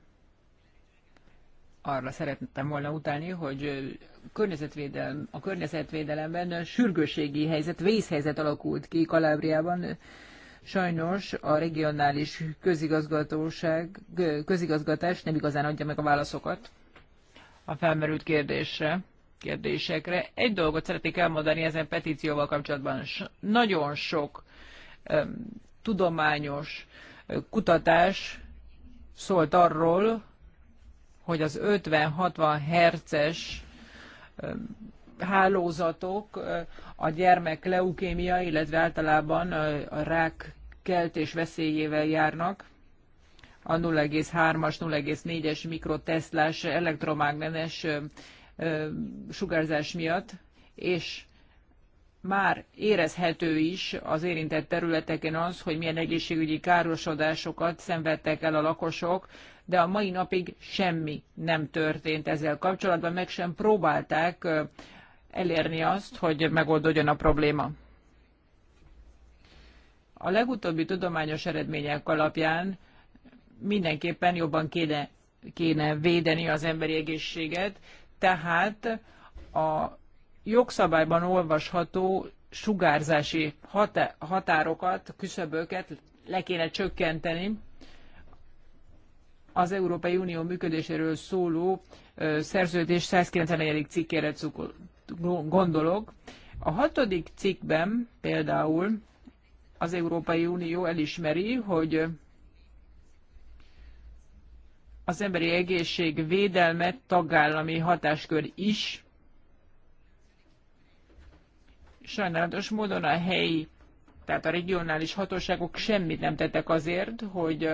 arra szerettem volna utálni, hogy környezetvédelem, a környezetvédelemben sürgőségi helyzet, vészhelyzet alakult ki Kalábriában. Sajnos a regionális közigazgatóság, közigazgatás nem igazán adja meg a válaszokat a felmerült kérdésre, kérdésekre. Egy dolgot szeretnék elmondani ezen petícióval kapcsolatban. Nagyon sok um, tudományos kutatás szólt arról, hogy az 50-60 herces um, hálózatok a gyermek leukémia, illetve általában a rák keltés veszélyével járnak. A 0,3-as, 0,4-es mikroteszlás elektromágneses sugárzás miatt, és már érezhető is az érintett területeken az, hogy milyen egészségügyi károsodásokat szenvedtek el a lakosok, de a mai napig semmi nem történt ezzel kapcsolatban, meg sem próbálták elérni azt, hogy megoldódjon a probléma. A legutóbbi tudományos eredmények alapján mindenképpen jobban kéne, kéne védeni az emberi egészséget, tehát a jogszabályban olvasható sugárzási hatá határokat, küszöböket le kéne csökkenteni. Az Európai Unió működéséről szóló szerződés 194. cikkére gondolok. A hatodik cikkben például az Európai Unió elismeri, hogy az emberi egészség védelme tagállami hatáskör is. Sajnálatos módon a helyi, tehát a regionális hatóságok semmit nem tettek azért, hogy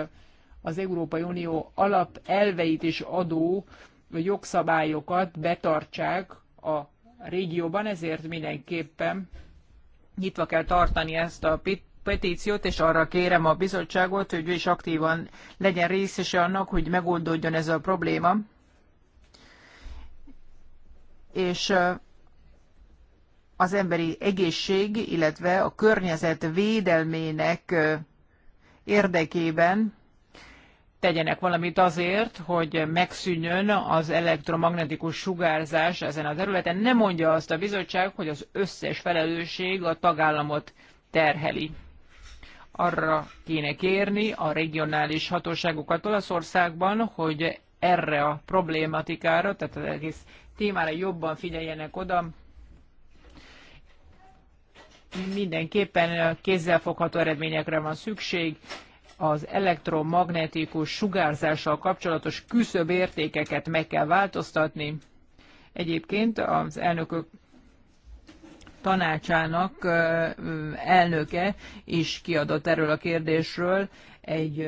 az Európai Unió alapelveit és adó jogszabályokat betartsák a régióban, ezért mindenképpen nyitva kell tartani ezt a petíciót, és arra kérem a bizottságot, hogy ő is aktívan legyen részese annak, hogy megoldódjon ez a probléma. És az emberi egészség, illetve a környezet védelmének érdekében tegyenek valamit azért, hogy megszűnjön az elektromagnetikus sugárzás ezen a területen. Nem mondja azt a bizottság, hogy az összes felelősség a tagállamot terheli. Arra kéne kérni a regionális hatóságokat Olaszországban, hogy erre a problématikára, tehát az egész témára jobban figyeljenek oda, mindenképpen kézzelfogható eredményekre van szükség, az elektromagnetikus sugárzással kapcsolatos küszöbb értékeket meg kell változtatni. Egyébként az elnökök tanácsának elnöke is kiadott erről a kérdésről egy,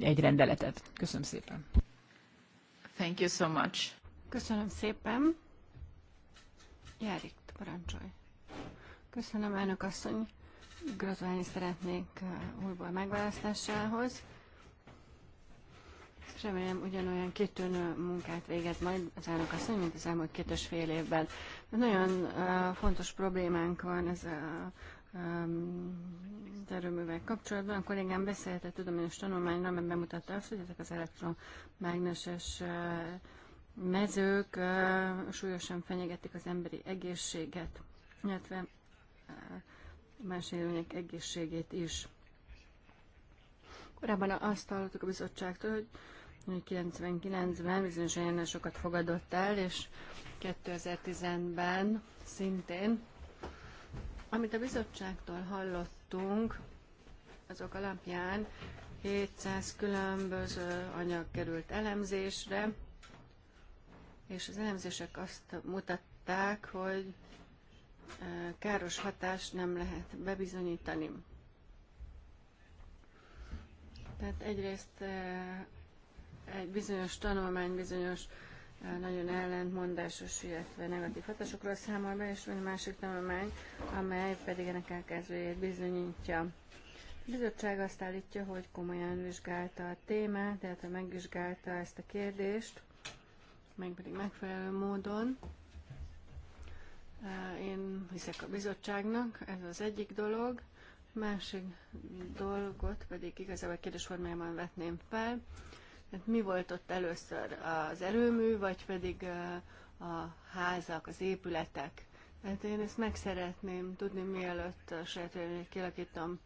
egy rendeletet. Köszönöm szépen. Thank you so much. Köszönöm szépen. Járik, parancsolj. Köszönöm, elnök asszony. Gratulálni szeretnék uh, újból megválasztásához. És remélem ugyanolyan kitűnő munkát végez majd az elnök asszony, mint az elmúlt két és fél évben. Nagyon uh, fontos problémánk van ez a um, erőművel kapcsolatban. A kollégám beszélt a tudományos tanulmányra, mert bemutatta azt, hogy ezek az elektromágneses uh, mezők uh, súlyosan fenyegetik az emberi egészséget, illetve más élmények egészségét is. Korábban azt hallottuk a bizottságtól, hogy 99-ben bizonyos ajánlásokat fogadott el, és 2010-ben szintén. Amit a bizottságtól hallottunk, azok alapján 700 különböző anyag került elemzésre, és az elemzések azt mutatták, hogy káros hatást nem lehet bebizonyítani. Tehát egyrészt egy bizonyos tanulmány bizonyos nagyon ellentmondásos, illetve negatív hatásokról számol be, és van egy másik tanulmány, amely pedig ennek elkezdőjét bizonyítja. A bizottság azt állítja, hogy komolyan vizsgálta a témát, tehát megvizsgálta ezt a kérdést, meg pedig megfelelő módon. Én hiszek a bizottságnak, ez az egyik dolog. Másik dolgot pedig igazából kérdésformájában vetném fel. Hát mi volt ott először az erőmű, vagy pedig a házak, az épületek? Hát én ezt meg szeretném tudni, mielőtt a saját kialakítom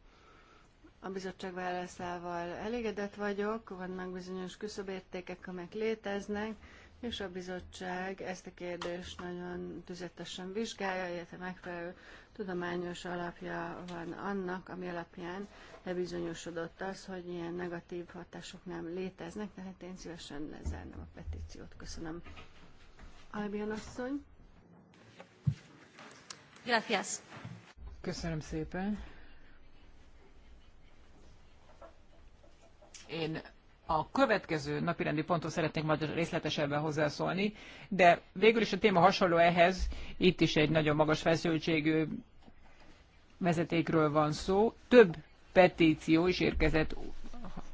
a bizottság válaszával elégedett vagyok, vannak bizonyos küszöbértékek, amelyek léteznek, és a bizottság ezt a kérdést nagyon tüzetesen vizsgálja, illetve megfelelő tudományos alapja van annak, ami alapján lebizonyosodott az, hogy ilyen negatív hatások nem léteznek, tehát én szívesen lezárnám a petíciót. Köszönöm. Albion asszony. Gracias. Köszönöm szépen. Én a következő napirendi ponton szeretnék majd részletesebben hozzászólni, de végül is a téma hasonló ehhez, itt is egy nagyon magas feszültségű vezetékről van szó. Több petíció is érkezett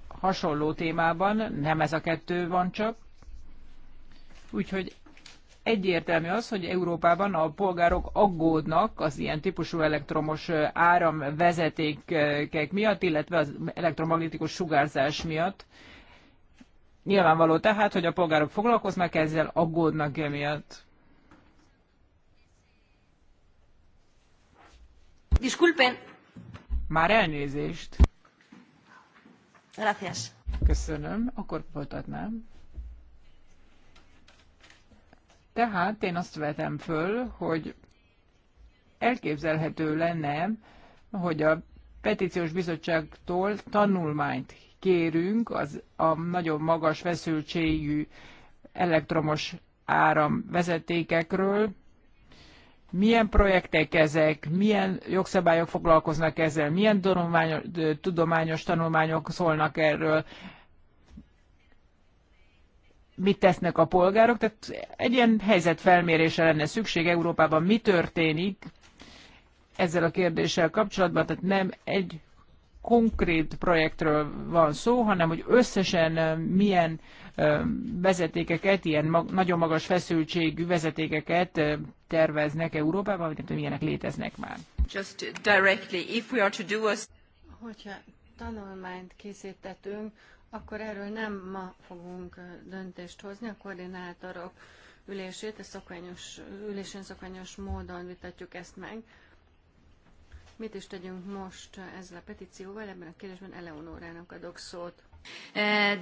hasonló témában, nem ez a kettő van csak. Úgyhogy egyértelmű az, hogy Európában a polgárok aggódnak az ilyen típusú elektromos áramvezetékek miatt, illetve az elektromagnetikus sugárzás miatt. Nyilvánvaló tehát, hogy a polgárok foglalkoznak ezzel, aggódnak emiatt. Disculpen. Már elnézést. Gracias. Köszönöm, akkor folytatnám. Tehát én azt vetem föl, hogy elképzelhető lenne, hogy a petíciós bizottságtól tanulmányt kérünk az a nagyon magas feszültségű elektromos áram vezetékekről. Milyen projektek ezek, milyen jogszabályok foglalkoznak ezzel, milyen tudományos tanulmányok szólnak erről, mit tesznek a polgárok. Tehát egy ilyen helyzetfelmérésre lenne szükség Európában, mi történik ezzel a kérdéssel kapcsolatban, tehát nem egy konkrét projektről van szó, hanem hogy összesen milyen vezetékeket, ilyen mag, nagyon magas feszültségű vezetékeket terveznek Európában, vagy nem tudom, milyenek léteznek már. Just directly, if we are to do a... Hogyha tanulmányt készítettünk, akkor erről nem ma fogunk döntést hozni, a koordinátorok ülését, a szokványos, ülésén szokványos módon vitatjuk ezt meg. Mit is tegyünk most ezzel a petícióval? Ebben a kérdésben Eleonórának adok szót. Eh,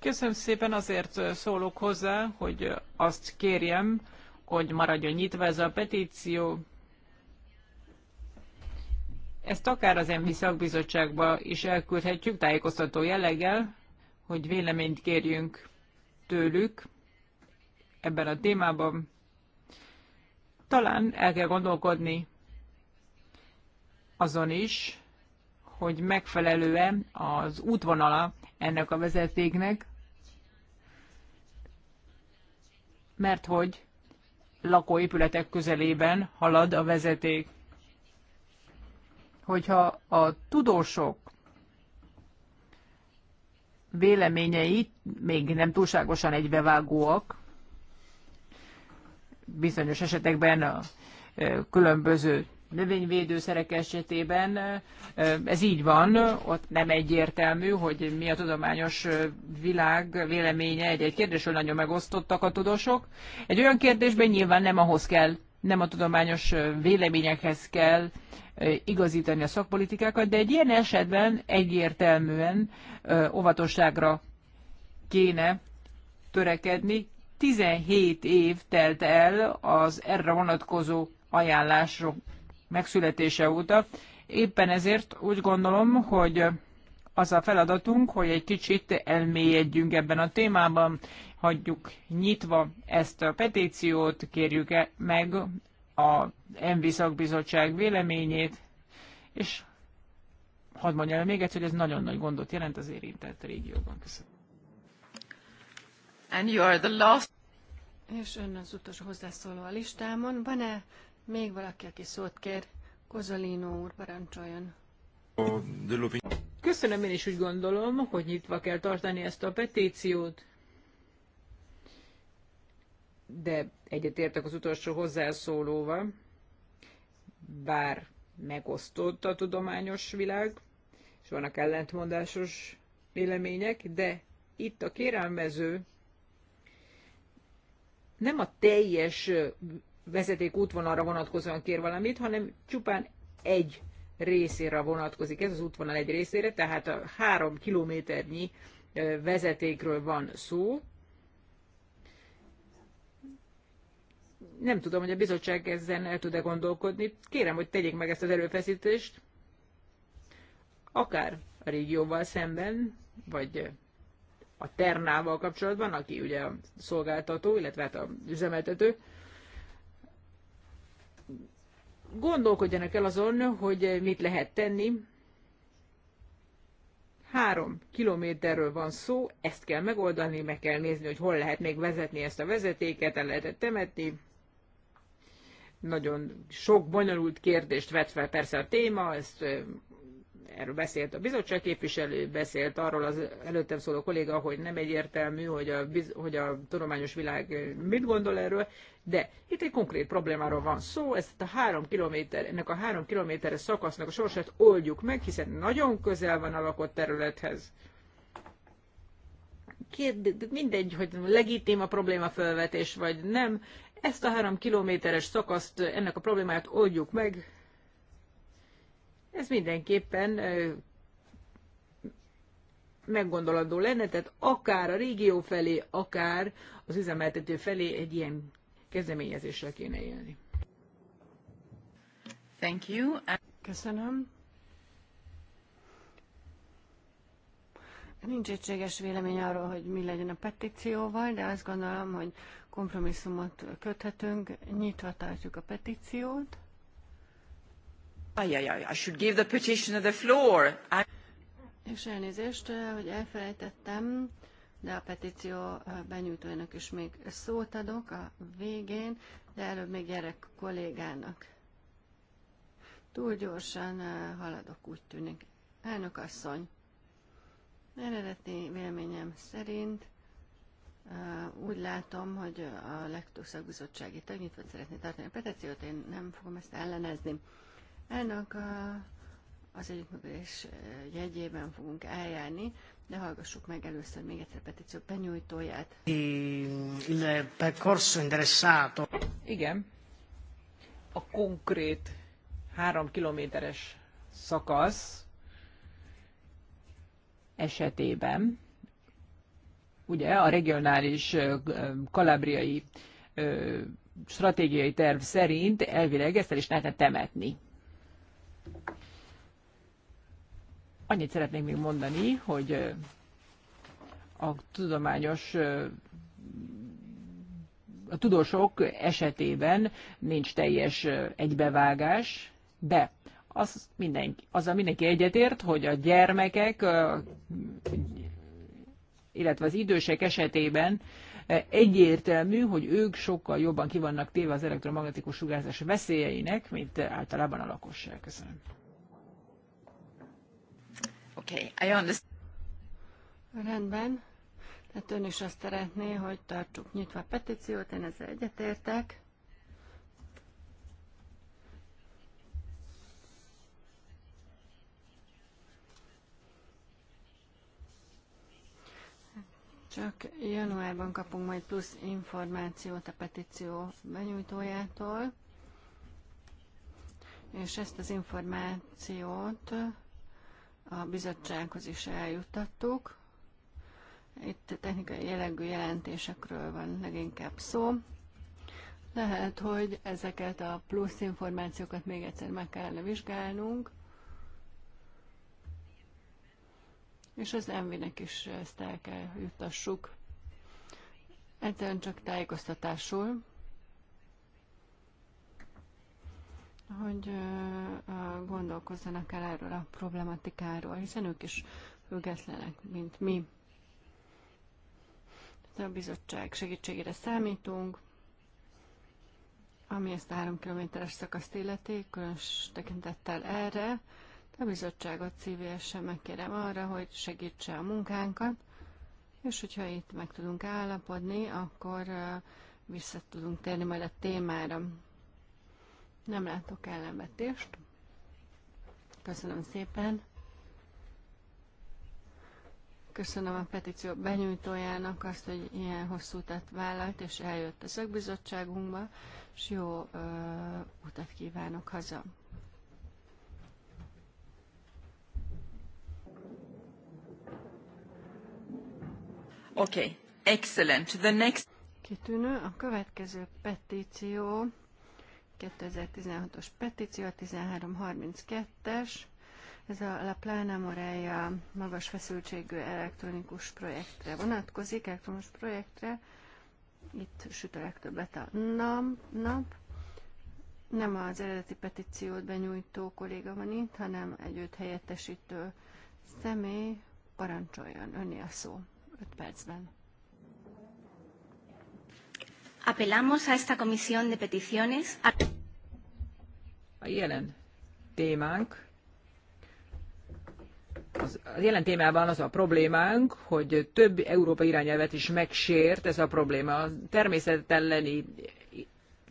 Köszönöm szépen, azért eh, szólok hozzá, hogy eh, azt kérjem, hogy maradjon nyitva ez a petíció. Ezt akár az ENVI szakbizottságba is elküldhetjük tájékoztató jelleggel, hogy véleményt kérjünk tőlük ebben a témában. Talán el kell gondolkodni azon is, hogy megfelelően az útvonala ennek a vezetéknek, mert hogy lakóépületek közelében halad a vezeték. Hogyha a tudósok véleményei még nem túlságosan egybevágóak, bizonyos esetekben a különböző növényvédőszerek esetében ez így van, ott nem egyértelmű, hogy mi a tudományos világ véleménye egy-egy kérdésről, nagyon megosztottak a tudósok. Egy olyan kérdésben nyilván nem ahhoz kell, nem a tudományos véleményekhez kell igazítani a szakpolitikákat, de egy ilyen esetben egyértelműen óvatosságra kéne törekedni. 17 év telt el az erre vonatkozó ajánlások megszületése óta. Éppen ezért úgy gondolom, hogy az a feladatunk, hogy egy kicsit elmélyedjünk ebben a témában, hagyjuk nyitva ezt a petíciót, kérjük -e meg a MV szakbizottság véleményét, és hadd mondjam el még egyszer, hogy ez nagyon nagy gondot jelent az érintett régióban. Köszönöm. And you are the last. És ön az utolsó hozzászóló a listámon. Van-e még valaki, aki szót kér, Kozolino úr, parancsoljon. Köszönöm, én is úgy gondolom, hogy nyitva kell tartani ezt a petíciót. De egyetértek az utolsó hozzászólóval, bár megosztott a tudományos világ, és vannak ellentmondásos vélemények, de itt a kérelmező nem a teljes vezeték útvonalra vonatkozóan kér valamit, hanem csupán egy részére vonatkozik. Ez az útvonal egy részére, tehát a három kilométernyi vezetékről van szó. Nem tudom, hogy a bizottság ezen el tud-e gondolkodni. Kérem, hogy tegyék meg ezt az erőfeszítést, akár a régióval szemben, vagy a Ternával kapcsolatban, aki ugye a szolgáltató, illetve hát a üzemeltető, gondolkodjanak el azon, hogy mit lehet tenni. Három kilométerről van szó, ezt kell megoldani, meg kell nézni, hogy hol lehet még vezetni ezt a vezetéket, el lehetett temetni. Nagyon sok bonyolult kérdést vet fel persze a téma, ezt erről beszélt a bizottság képviselő, beszélt arról az előttem szóló kolléga, hogy nem egyértelmű, hogy a, hogy a tudományos világ mit gondol erről, de itt egy konkrét problémáról van szó, ezt a három kilométer, ennek a három kilométeres szakasznak a sorsát oldjuk meg, hiszen nagyon közel van a lakott területhez. Kérd, mindegy, hogy legitim a probléma felvetés, vagy nem, ezt a három kilométeres szakaszt, ennek a problémáját oldjuk meg, ez mindenképpen meggondolandó lenne, tehát akár a régió felé, akár az üzemeltető felé egy ilyen kezdeményezéssel kéne élni. Thank you. Köszönöm. Nincs egységes vélemény arról, hogy mi legyen a petícióval, de azt gondolom, hogy kompromisszumot köthetünk, nyitva tartjuk a petíciót. És elnézést, hogy elfelejtettem, de a petíció benyújtójának is még szót adok a végén, de előbb még gyerek kollégának. Túl gyorsan eh, haladok, úgy tűnik. Elnök asszony, eredeti véleményem szerint eh, úgy látom, hogy a legtöbb szakbizottsági tag szeretné tartani a petíciót, én nem fogom ezt ellenezni. Ennek a, az együttműködés jegyében fogunk eljárni, de hallgassuk meg először még egyszer a petíció benyújtóját. Il percorso interessato. Igen. A konkrét három kilométeres szakasz esetében ugye a regionális kalabriai stratégiai terv szerint elvileg ezt el is lehetne temetni. Annyit szeretnék még mondani, hogy a tudományos a tudósok esetében nincs teljes egybevágás, de az mindenki, azzal mindenki egyetért, hogy a gyermekek, illetve az idősek esetében egyértelmű, hogy ők sokkal jobban kivannak téve az elektromagnetikus sugárzás veszélyeinek, mint általában a lakosság. Köszönöm. Okay, I understand. Rendben. Tehát ön is azt szeretné, hogy tartsuk nyitva a petíciót, én ezzel egyetértek. Csak januárban kapunk majd plusz információt a petíció benyújtójától, és ezt az információt a bizottsághoz is eljuttattuk. Itt technikai jellegű jelentésekről van leginkább szó. Lehet, hogy ezeket a plusz információkat még egyszer meg kellene vizsgálnunk, és az envinek is ezt el kell jutassuk. Egyszerűen csak tájékoztatásul, hogy gondolkozzanak el erről a problematikáról, hiszen ők is függetlenek, mint mi. Tehát a bizottság segítségére számítunk, ami ezt a három kilométeres szakaszt illeti, különös tekintettel erre, a bizottságot szívesen megkérem arra, hogy segítse a munkánkat, és hogyha itt meg tudunk állapodni, akkor vissza tudunk térni majd a témára. Nem látok ellenvetést. Köszönöm szépen. Köszönöm a petíció benyújtójának azt, hogy ilyen hosszú utat vállalt, és eljött a szakbizottságunkba, és jó ö, utat kívánok haza. Okay, excellent. The next... Kitűnő. A következő petíció, 2016-os petíció, a 1332-es. Ez a La Plana Morella magas feszültségű elektronikus projektre vonatkozik, elektronikus projektre. Itt süt a legtöbbet a nap. nap. Nem az eredeti petíciót benyújtó kolléga van itt, hanem egy őt helyettesítő személy. Parancsoljon, önni a szó. 5 percben. Apelamos a esta comisión de peticiones. A jelen témánk az, a jelen témában az a problémánk, hogy több Európa irányelvet is megsért ez a probléma. A természetelleni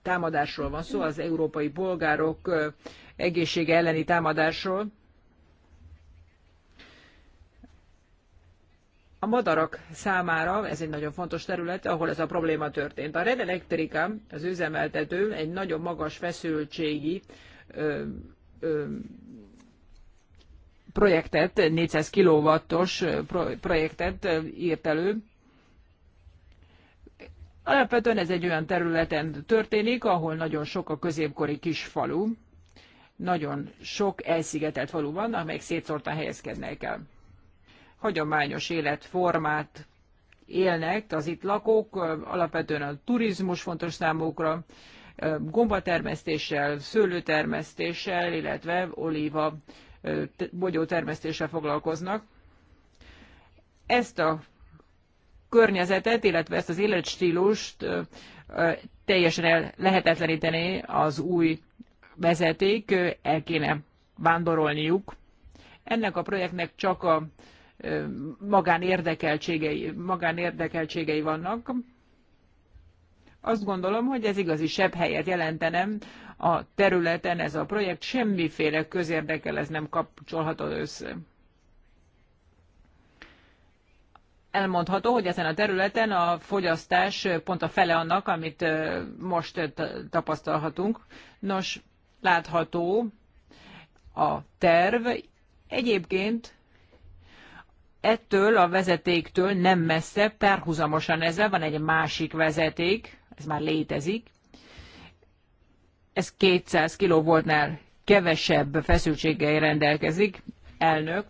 támadásról van szó, az európai polgárok egészsége elleni támadásról. a madarak számára ez egy nagyon fontos terület, ahol ez a probléma történt. A Red Electrica, az üzemeltető, egy nagyon magas feszültségi ö, ö, projektet, 400 kW-os projektet írt elő. Alapvetően ez egy olyan területen történik, ahol nagyon sok a középkori kis falu, nagyon sok elszigetelt falu van, amelyek szétszórtan helyezkednek el hagyományos életformát élnek az itt lakók, alapvetően a turizmus fontos számukra, gombatermesztéssel, szőlőtermesztéssel, illetve olíva bogyótermesztéssel foglalkoznak. Ezt a környezetet, illetve ezt az életstílust teljesen el lehetetlenítené az új vezeték, el kéne vándorolniuk. Ennek a projektnek csak a magánérdekeltségei, magánérdekeltségei vannak. Azt gondolom, hogy ez igazi sebb helyet jelentenem a területen, ez a projekt semmiféle közérdekel, ez nem kapcsolható össze. Elmondható, hogy ezen a területen a fogyasztás pont a fele annak, amit most tapasztalhatunk. Nos, látható a terv. Egyébként ettől a vezetéktől nem messze, párhuzamosan ezzel van egy másik vezeték, ez már létezik. Ez 200 kilovoltnál kevesebb feszültséggel rendelkezik. Elnök.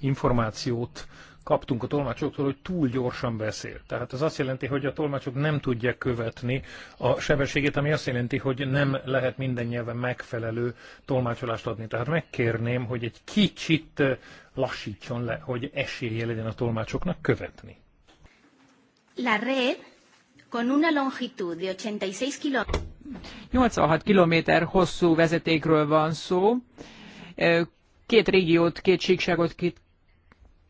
Információt kaptunk a tolmácsoktól, hogy túl gyorsan beszél. Tehát ez azt jelenti, hogy a tolmácsok nem tudják követni a sebességét, ami azt jelenti, hogy nem lehet minden nyelven megfelelő tolmácsolást adni. Tehát megkérném, hogy egy kicsit lassítson le, hogy esélye legyen a tolmácsoknak követni. La red con una longitud de 86 km. 86 km hosszú vezetékről van szó. Két régiót, két síkságot két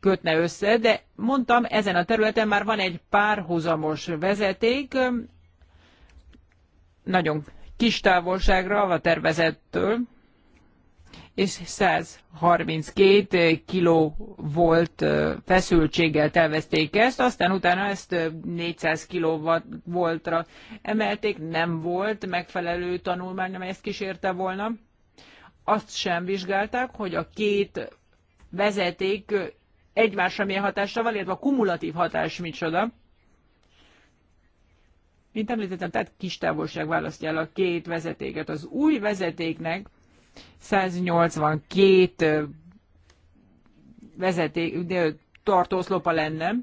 kötne össze, de mondtam, ezen a területen már van egy párhuzamos vezeték, nagyon kis távolságra a tervezettől és 132 kiló volt feszültséggel tervezték ezt, aztán utána ezt 400 kiló voltra emelték, nem volt megfelelő tanulmány, amely ezt kísérte volna. Azt sem vizsgálták, hogy a két vezeték egymásra milyen hatásra van, illetve a kumulatív hatás micsoda. Mint említettem, tehát kis távolság választja el a két vezetéket. Az új vezetéknek 182 vezeték, tartószlopa lenne.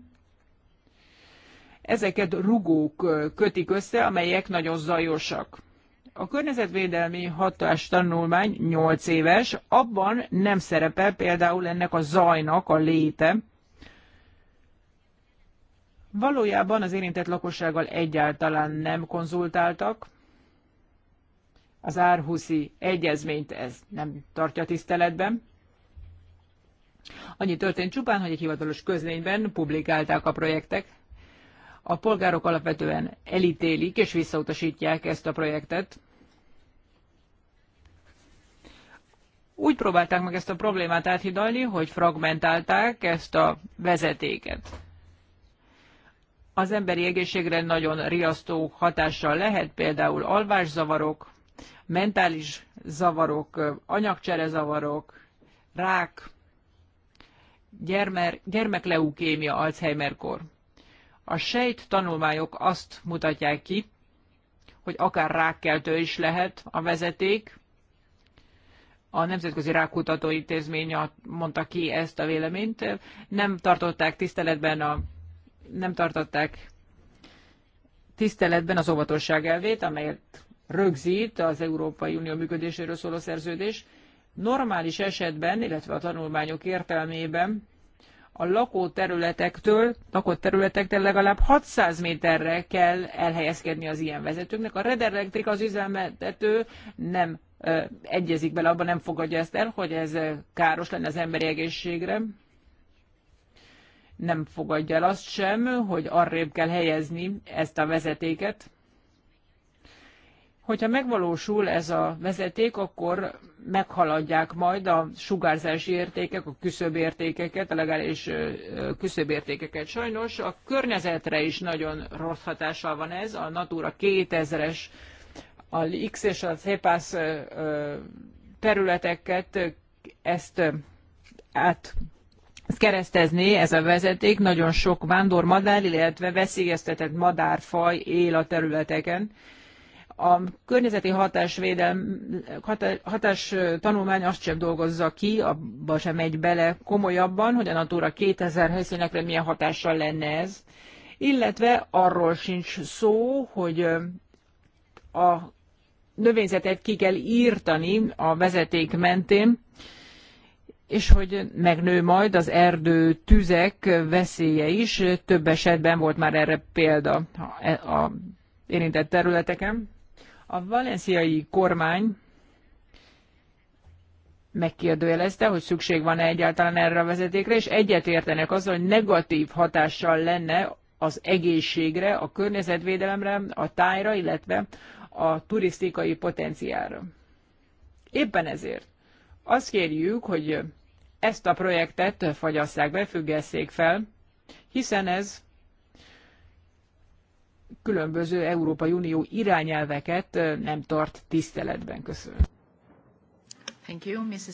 Ezeket rugók kötik össze, amelyek nagyon zajosak. A környezetvédelmi hatás tanulmány 8 éves, abban nem szerepel például ennek a zajnak a léte. Valójában az érintett lakossággal egyáltalán nem konzultáltak, az Árhuszi Egyezményt ez nem tartja tiszteletben. Annyi történt csupán, hogy egy hivatalos közlényben publikálták a projektek. A polgárok alapvetően elítélik és visszautasítják ezt a projektet. Úgy próbálták meg ezt a problémát áthidalni, hogy fragmentálták ezt a vezetéket. Az emberi egészségre nagyon riasztó hatással lehet például alvászavarok, mentális zavarok, zavarok, rák, gyermer, gyermekleukémia Alzheimer-kor. A sejt tanulmányok azt mutatják ki, hogy akár rákkeltő is lehet a vezeték. A Nemzetközi Rákutató Intézmény mondta ki ezt a véleményt. Nem tartották tiszteletben a nem tartották tiszteletben az óvatosság elvét, amelyet rögzít az Európai Unió működéséről szóló szerződés. Normális esetben, illetve a tanulmányok értelmében a lakóterületektől, lakott területektől legalább 600 méterre kell elhelyezkedni az ilyen vezetőknek. A Red Electric az üzemeltető nem ö, egyezik bele, abban nem fogadja ezt el, hogy ez káros lenne az emberi egészségre. Nem fogadja el azt sem, hogy arrébb kell helyezni ezt a vezetéket. Hogyha megvalósul ez a vezeték, akkor meghaladják majd a sugárzási értékek, a küszöbértékeket, a legális küszöbértékeket. Sajnos a környezetre is nagyon rossz hatással van ez. A Natura 2000-es, a X és a CEPAS területeket ezt át keresztezni ez a vezeték, nagyon sok vándormadár, illetve veszélyeztetett madárfaj él a területeken a környezeti hatásvédelm, hatás tanulmány azt sem dolgozza ki, abba sem megy bele komolyabban, hogy a Natura 2000 helyszínekre milyen hatással lenne ez, illetve arról sincs szó, hogy a növényzetet ki kell írtani a vezeték mentén, és hogy megnő majd az erdő tüzek veszélye is. Több esetben volt már erre példa e, a érintett területeken. A valenciai kormány megkérdőjelezte, hogy szükség van-e egyáltalán erre a vezetékre, és egyetértenek azzal, hogy negatív hatással lenne az egészségre, a környezetvédelemre, a tájra, illetve a turisztikai potenciára. Éppen ezért azt kérjük, hogy ezt a projektet fagyasszák be, függesszék fel, hiszen ez különböző Európai Unió irányelveket nem tart tiszteletben. Köszönöm. Thank you, Mrs.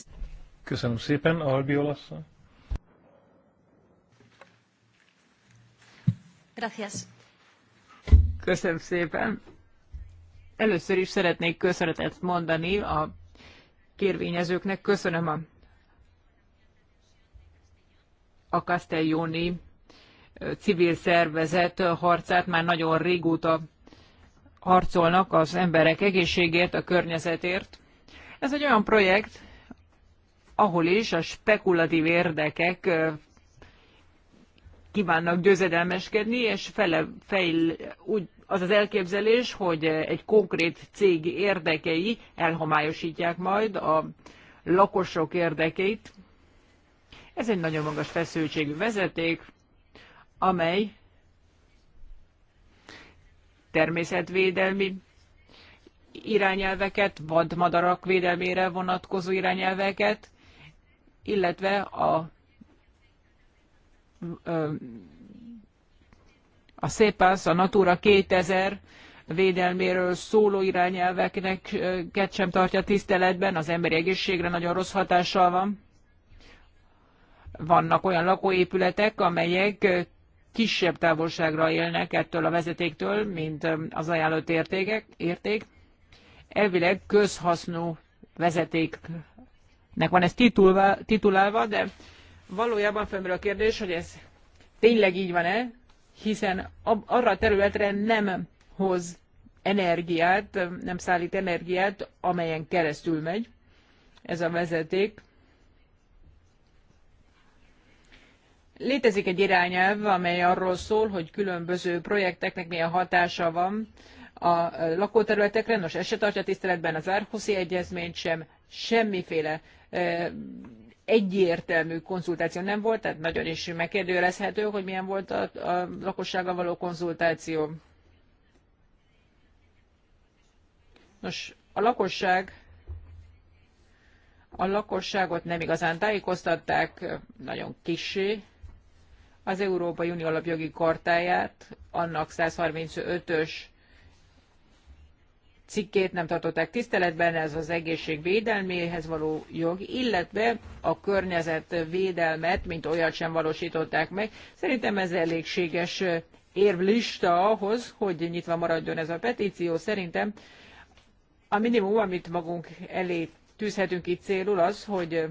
Köszönöm szépen, Albiol asszony. Gracias. Köszönöm szépen. Először is szeretnék köszönetet mondani a kérvényezőknek. Köszönöm a, a Castelloni civil szervezet harcát már nagyon régóta harcolnak az emberek egészségért, a környezetért. Ez egy olyan projekt, ahol is a spekulatív érdekek kívánnak győzedelmeskedni, és fele, fejl, úgy, az az elképzelés, hogy egy konkrét cég érdekei elhomályosítják majd a lakosok érdekeit. Ez egy nagyon magas feszültségű vezeték, amely természetvédelmi irányelveket, vadmadarak védelmére vonatkozó irányelveket, illetve a, a SZEPASZ, a Natura 2000 védelméről szóló irányelveknek sem tartja tiszteletben, az emberi egészségre nagyon rossz hatással van. Vannak olyan lakóépületek, amelyek kisebb távolságra élnek ettől a vezetéktől, mint az ajánlott értékek, érték. Elvileg közhasznú vezetéknek van ez titulva, titulálva, de valójában felmerül a kérdés, hogy ez tényleg így van-e, hiszen arra a területre nem hoz energiát, nem szállít energiát, amelyen keresztül megy ez a vezeték. Létezik egy irányelv, amely arról szól, hogy különböző projekteknek milyen hatása van a lakóterületekre, nos ez se tartja tiszteletben az Árhuszi Egyezményt sem, semmiféle egyértelmű konzultáció nem volt, tehát nagyon is megkérdőjelezhető, hogy milyen volt a, a lakossággal való konzultáció. Nos, a lakosság a lakosságot nem igazán tájékoztatták, nagyon kissé, az Európai Unió alapjogi kartáját, annak 135-ös cikkét nem tartották tiszteletben, ez az egészség védelméhez való jog, illetve a védelmet, mint olyat sem valósították meg. Szerintem ez elégséges érvlista ahhoz, hogy nyitva maradjon ez a petíció. Szerintem a minimum, amit magunk elé tűzhetünk itt célul az, hogy,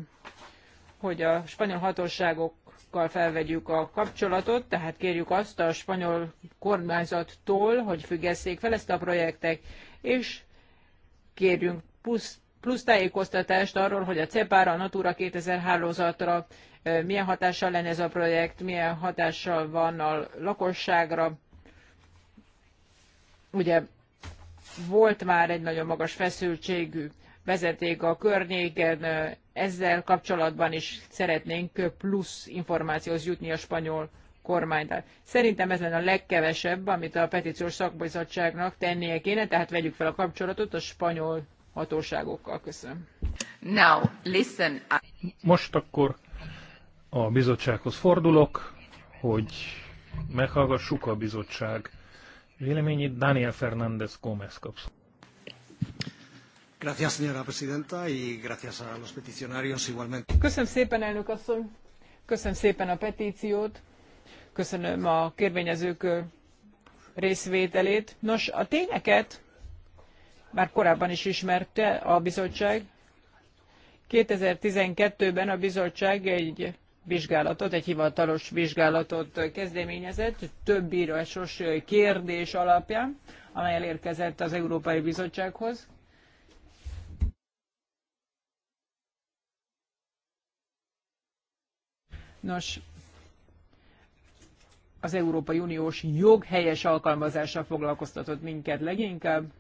hogy a spanyol hatóságok országokkal felvegyük a kapcsolatot, tehát kérjük azt a spanyol kormányzattól, hogy függesszék fel ezt a projektet, és kérjünk plusz, plusz tájékoztatást arról, hogy a CEPÁRA, a Natura 2000 hálózatra milyen hatással lenne ez a projekt, milyen hatással van a lakosságra. Ugye volt már egy nagyon magas feszültségű vezeték a környéken, ezzel kapcsolatban is szeretnénk plusz információhoz jutni a spanyol kormánytól. Szerintem ez lenne a legkevesebb, amit a petíciós szakbizottságnak tennie kéne, tehát vegyük fel a kapcsolatot a spanyol hatóságokkal. Köszönöm. Now, listen. Most akkor a bizottsághoz fordulok, hogy meghallgassuk a bizottság véleményét. Daniel Fernández Gómez kapsz a Köszönöm szépen, elnök asszony. Köszönöm szépen a petíciót. Köszönöm a kérvényezők részvételét. Nos, a tényeket már korábban is ismerte a bizottság. 2012-ben a bizottság egy vizsgálatot, egy hivatalos vizsgálatot kezdeményezett, több írásos kérdés alapján, amely elérkezett az Európai Bizottsághoz. Nos, az Európai Uniós jog helyes alkalmazással foglalkoztatott minket leginkább.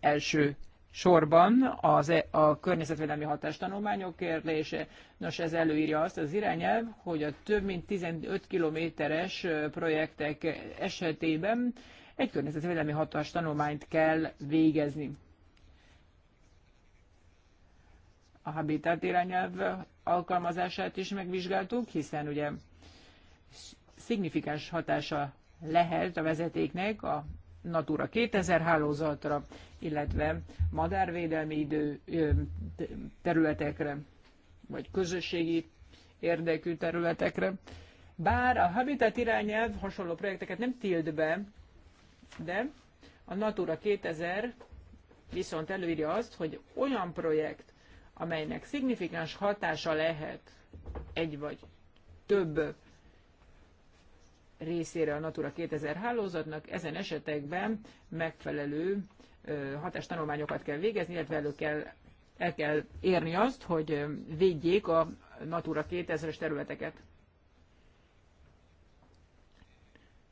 Első sorban az, e- a környezetvédelmi hatástanulmányok kérdése. Nos, ez előírja azt az irányelv, hogy a több mint 15 kilométeres projektek esetében egy környezetvédelmi hatástanulmányt kell végezni. A Habitat irányelv alkalmazását is megvizsgáltuk, hiszen ugye szignifikáns hatása lehet a vezetéknek a Natura 2000 hálózatra, illetve madárvédelmi idő területekre, vagy közösségi érdekű területekre. Bár a Habitat irányelv hasonló projekteket nem tilt be, de a Natura 2000 viszont előírja azt, hogy olyan projekt, amelynek szignifikáns hatása lehet egy vagy több részére a Natura 2000 hálózatnak, ezen esetekben megfelelő hatástanulmányokat kell végezni, illetve elő kell, el kell érni azt, hogy védjék a Natura 2000-es területeket.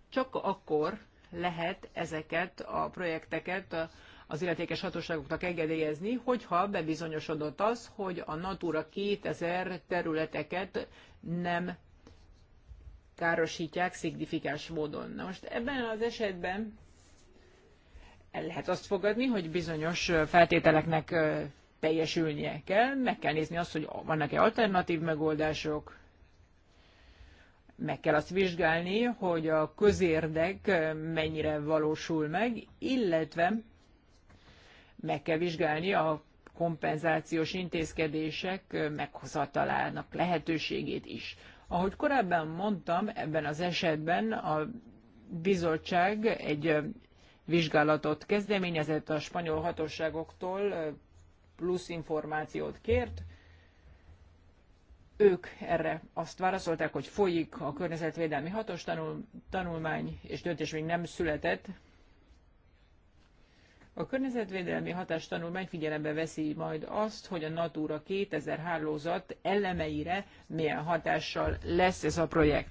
Csak akkor lehet ezeket a projekteket a az illetékes hatóságoknak engedélyezni, hogyha bebizonyosodott az, hogy a Natura 2000 területeket nem károsítják szignifikáns módon. Na most ebben az esetben el lehet azt fogadni, hogy bizonyos feltételeknek teljesülnie kell, meg kell nézni azt, hogy vannak-e alternatív megoldások, meg kell azt vizsgálni, hogy a közérdek mennyire valósul meg, illetve meg kell vizsgálni a kompenzációs intézkedések meghozatalának lehetőségét is. Ahogy korábban mondtam, ebben az esetben a bizottság egy vizsgálatot kezdeményezett a spanyol hatóságoktól, plusz információt kért. Ők erre azt válaszolták, hogy folyik a környezetvédelmi hatos tanul, tanulmány, és döntés még nem született, a környezetvédelmi hatástanulmány figyelembe veszi majd azt, hogy a Natura 2000 hálózat elemeire milyen hatással lesz ez a projekt.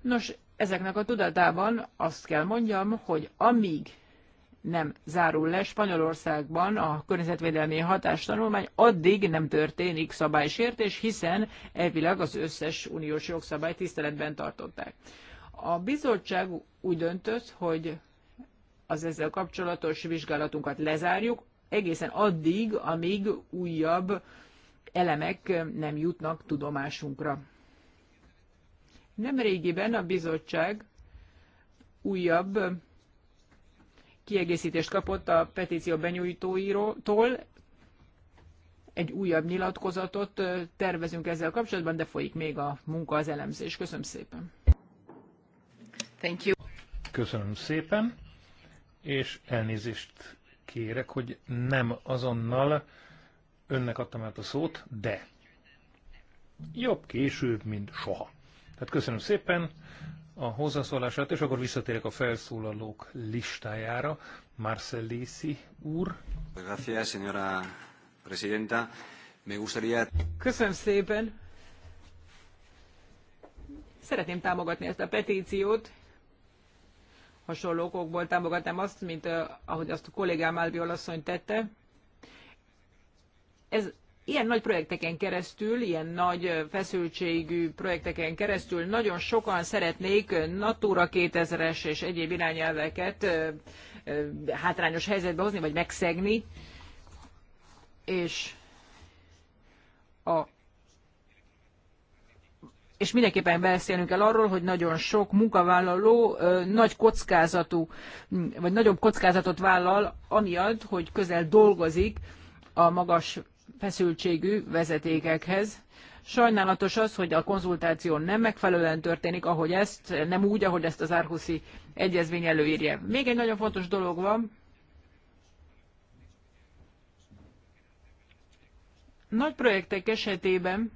Nos, ezeknek a tudatában azt kell mondjam, hogy amíg nem zárul le Spanyolországban a környezetvédelmi hatástanulmány, addig nem történik szabálysértés, hiszen elvileg az összes uniós jogszabály tiszteletben tartották. A bizottság úgy döntött, hogy az ezzel kapcsolatos vizsgálatunkat lezárjuk, egészen addig, amíg újabb elemek nem jutnak tudomásunkra. Nemrégiben a bizottság újabb kiegészítést kapott a petíció benyújtóitól, egy újabb nyilatkozatot tervezünk ezzel kapcsolatban, de folyik még a munka, az elemzés. Köszönöm szépen. Thank you. Köszönöm szépen és elnézést kérek, hogy nem azonnal önnek adtam át a szót, de jobb később, mint soha. Tehát köszönöm szépen a hozzászólását, és akkor visszatérek a felszólalók listájára. Lisi úr. Gracias, señora presidenta. Me gustaría... Köszönöm szépen. Szeretném támogatni ezt a petíciót, hasonló okokból támogatnám azt, mint ahogy azt a kollégám Álbiol asszony tette. Ez, ilyen nagy projekteken keresztül, ilyen nagy feszültségű projekteken keresztül nagyon sokan szeretnék Natura 2000-es és egyéb irányelveket hátrányos helyzetbe hozni, vagy megszegni, és a és mindenképpen beszélnünk kell arról, hogy nagyon sok munkavállaló nagy kockázatú, vagy nagyobb kockázatot vállal, amiatt, hogy közel dolgozik a magas feszültségű vezetékekhez. Sajnálatos az, hogy a konzultáció nem megfelelően történik, ahogy ezt, nem úgy, ahogy ezt az Árhuszi egyezmény előírja. Még egy nagyon fontos dolog van. Nagy projektek esetében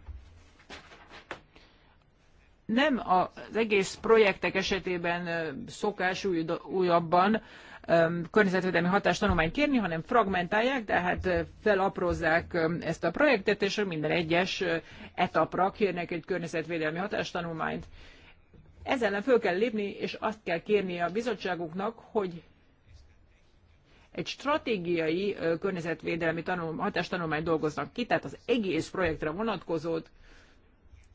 nem az egész projektek esetében szokás új, újabban környezetvédelmi hatástanulmányt kérni, hanem fragmentálják, tehát felaprozzák ezt a projektet, és minden egyes etapra kérnek egy környezetvédelmi hatástanulmányt. Ezzel ellen föl kell lépni, és azt kell kérni a bizottságuknak, hogy egy stratégiai környezetvédelmi tanul, hatástanulmányt dolgoznak ki, tehát az egész projektre vonatkozót,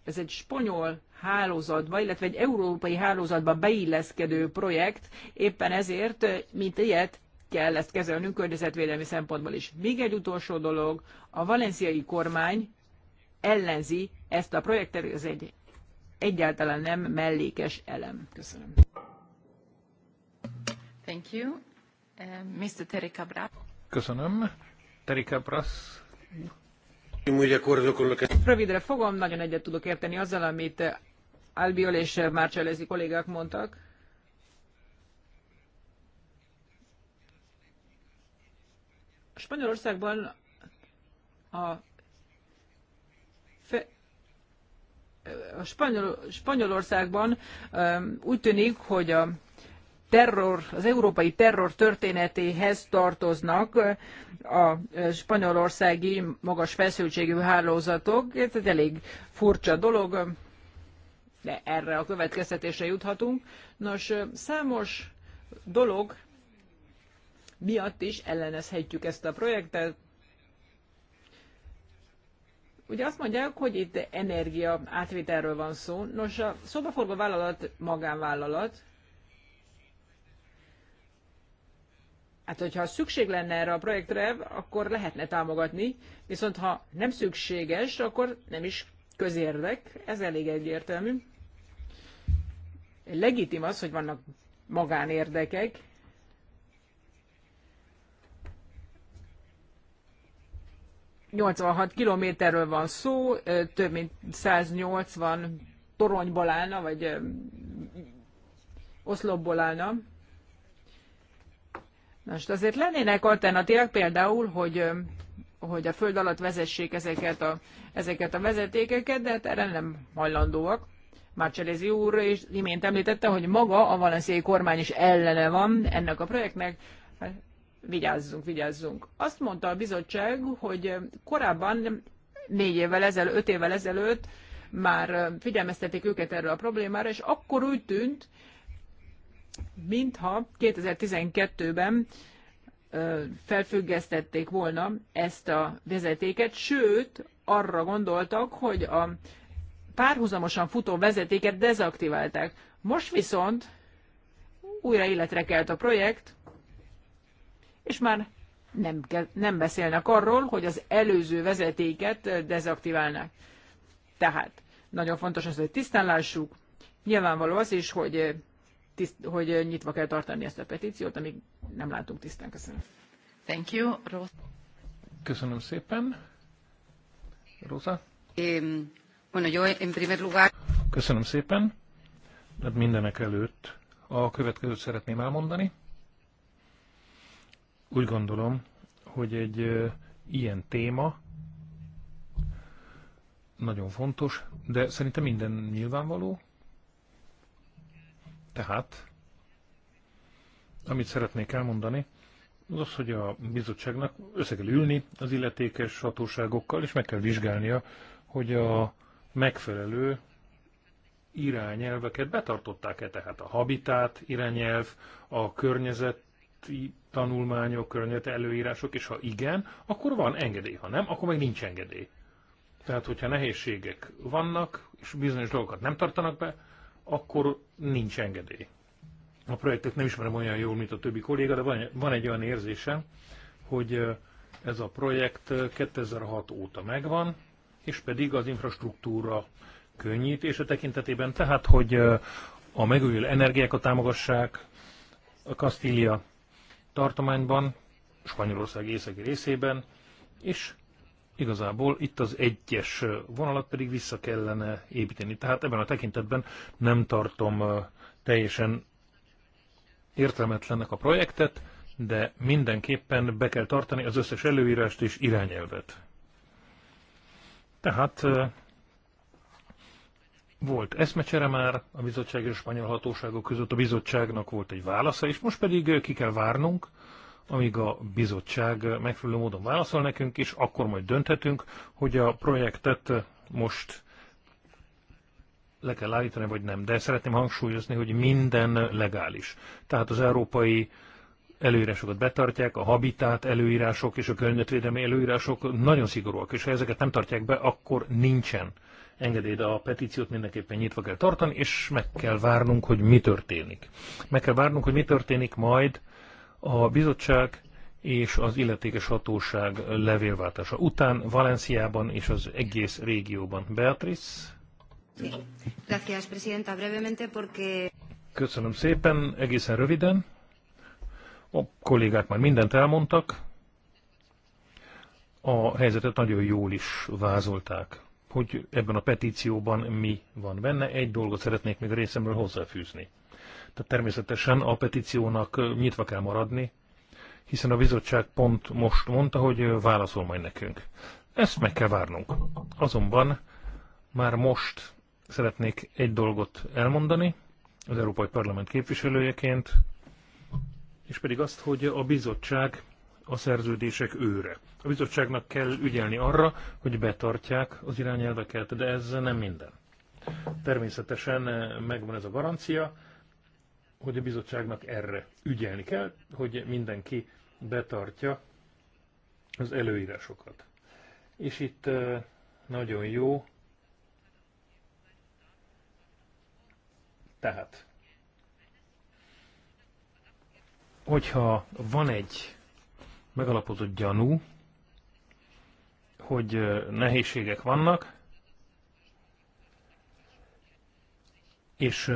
ez egy spanyol hálózatba, illetve egy európai hálózatba beilleszkedő projekt, éppen ezért, mint ilyet, kell ezt kezelnünk környezetvédelmi szempontból is. Még egy utolsó dolog, a valenciai kormány ellenzi ezt a projektet, ez egy egyáltalán nem mellékes elem. Köszönöm. Thank you. Uh, Mr. Terry Köszönöm. Terika Brass Rövidre fogom, nagyon egyet tudok érteni azzal, amit Albiol és marcellesi kollégák mondtak. Spanyolországban a, a Spanyol, Spanyolországban um, úgy tűnik, hogy a terror, az európai terror történetéhez tartoznak a spanyolországi magas feszültségű hálózatok. Ez egy elég furcsa dolog, de erre a következtetésre juthatunk. Nos, számos dolog miatt is ellenezhetjük ezt a projektet. Ugye azt mondják, hogy itt energia átvételről van szó. Nos, a szobaforgó vállalat magánvállalat, Hát, hogyha szükség lenne erre a projektre, akkor lehetne támogatni, viszont ha nem szükséges, akkor nem is közérdek, ez elég egyértelmű. Legitim az, hogy vannak magánérdekek, ...86 kilométerről van szó, több mint 180 toronyból állna, vagy oszlopból állna. Most azért lennének alternatívák, például, hogy hogy a föld alatt vezessék ezeket a, ezeket a vezetékeket, de hát erre nem hajlandóak. Márcselézi úr is imént említette, hogy maga a valenciai kormány is ellene van ennek a projektnek. Hát, vigyázzunk, vigyázzunk. Azt mondta a bizottság, hogy korábban négy évvel ezelőtt, öt évvel ezelőtt már figyelmeztették őket erről a problémára, és akkor úgy tűnt, mintha 2012-ben felfüggesztették volna ezt a vezetéket, sőt, arra gondoltak, hogy a párhuzamosan futó vezetéket dezaktiválták. Most viszont újra életre kelt a projekt, és már nem, nem beszélnek arról, hogy az előző vezetéket dezaktiválnák. Tehát nagyon fontos az, hogy tisztán lássuk. Nyilvánvaló az is, hogy tiszt, hogy nyitva kell tartani ezt a petíciót, amíg nem látunk tisztán. Köszönöm. Thank you, Rosa. Köszönöm szépen. Rosa? Um, bueno, yo en primer lugar... Köszönöm szépen. Hát mindenek előtt a következőt szeretném elmondani. Úgy gondolom, hogy egy ilyen téma nagyon fontos, de szerintem minden nyilvánvaló, tehát, amit szeretnék elmondani, az az, hogy a bizottságnak össze kell ülni az illetékes hatóságokkal, és meg kell vizsgálnia, hogy a megfelelő irányelveket betartották-e, tehát a habitát irányelv, a környezeti tanulmányok, környezeti előírások, és ha igen, akkor van engedély, ha nem, akkor meg nincs engedély. Tehát, hogyha nehézségek vannak, és bizonyos dolgokat nem tartanak be, akkor nincs engedély. A projektet nem ismerem olyan jól, mint a többi kolléga, de van, van egy olyan érzésem, hogy eh, ez a projekt 2006 eh, óta megvan, és pedig az infrastruktúra könnyítése tekintetében, tehát hogy eh, a megújuló energiákat támogassák a Kastília tartományban, Spanyolország északi részében, és Igazából itt az egyes vonalat pedig vissza kellene építeni. Tehát ebben a tekintetben nem tartom teljesen értelmetlennek a projektet, de mindenképpen be kell tartani az összes előírást és irányelvet. Tehát volt eszmecsere már a bizottság és a spanyol hatóságok között, a bizottságnak volt egy válasza, és most pedig ki kell várnunk, amíg a bizottság megfelelő módon válaszol nekünk, és akkor majd dönthetünk, hogy a projektet most le kell állítani, vagy nem. De szeretném hangsúlyozni, hogy minden legális. Tehát az európai előírásokat betartják, a habitát előírások és a környezetvédelmi előírások nagyon szigorúak, és ha ezeket nem tartják be, akkor nincsen engedély, de a petíciót mindenképpen nyitva kell tartani, és meg kell várnunk, hogy mi történik. Meg kell várnunk, hogy mi történik majd a bizottság és az illetékes hatóság levélváltása után Valenciában és az egész régióban. Beatrice? Köszönöm szépen, egészen röviden. A kollégák már mindent elmondtak. A helyzetet nagyon jól is vázolták, hogy ebben a petícióban mi van benne. Egy dolgot szeretnék még részemről hozzáfűzni. Tehát természetesen a petíciónak nyitva kell maradni, hiszen a bizottság pont most mondta, hogy válaszol majd nekünk. Ezt meg kell várnunk. Azonban már most szeretnék egy dolgot elmondani az Európai Parlament képviselőjeként, és pedig azt, hogy a bizottság a szerződések őre. A bizottságnak kell ügyelni arra, hogy betartják az irányelveket, de ez nem minden. Természetesen megvan ez a garancia, hogy a bizottságnak erre ügyelni kell, hogy mindenki betartja az előírásokat. És itt nagyon jó, tehát, hogyha van egy megalapozott gyanú, hogy nehézségek vannak, és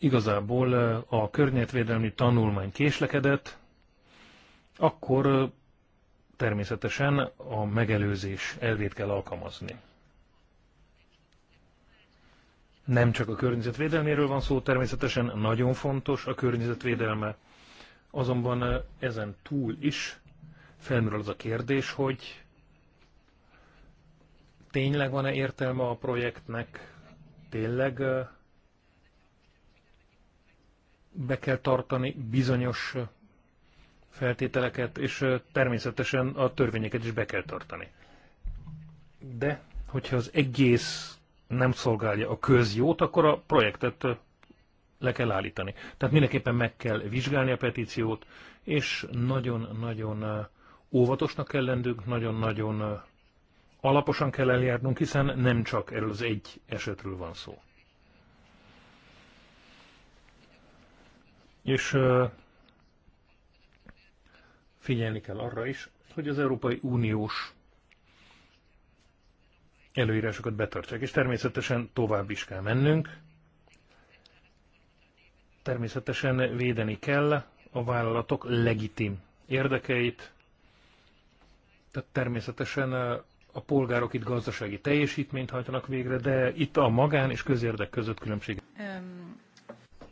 igazából a környezetvédelmi tanulmány késlekedett, akkor természetesen a megelőzés elvét kell alkalmazni. Nem csak a környezetvédelméről van szó, természetesen nagyon fontos a környezetvédelme, azonban ezen túl is felmerül az a kérdés, hogy tényleg van-e értelme a projektnek, tényleg be kell tartani bizonyos feltételeket, és természetesen a törvényeket is be kell tartani. De, hogyha az egész nem szolgálja a közjót, akkor a projektet le kell állítani. Tehát mindenképpen meg kell vizsgálni a petíciót, és nagyon-nagyon óvatosnak kell lennünk, nagyon-nagyon alaposan kell eljárnunk, hiszen nem csak erről az egy esetről van szó. És figyelni kell arra is, hogy az Európai Uniós előírásokat betartsák, és természetesen tovább is kell mennünk. Természetesen védeni kell a vállalatok legitim érdekeit, tehát természetesen a polgárok itt gazdasági teljesítményt hajtanak végre, de itt a magán és közérdek között különbség.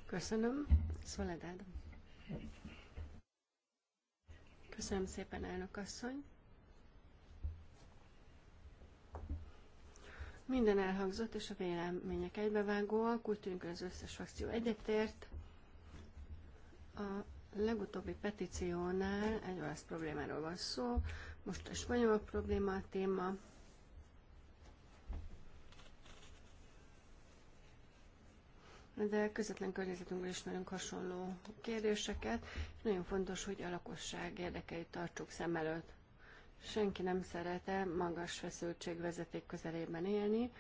Köszönöm. Szoledád. Köszönöm szépen, elnök asszony. Minden elhangzott, és a vélemények egybevágóak, úgy tűnik, hogy az összes frakció egyetért. A legutóbbi petíciónál egy olasz problémáról van szó, most a spanyol probléma a téma, de közvetlen környezetünkben nagyon hasonló kérdéseket, és nagyon fontos, hogy a lakosság érdekeit tartsuk szem előtt. Senki nem szerete magas vezeték közelében élni,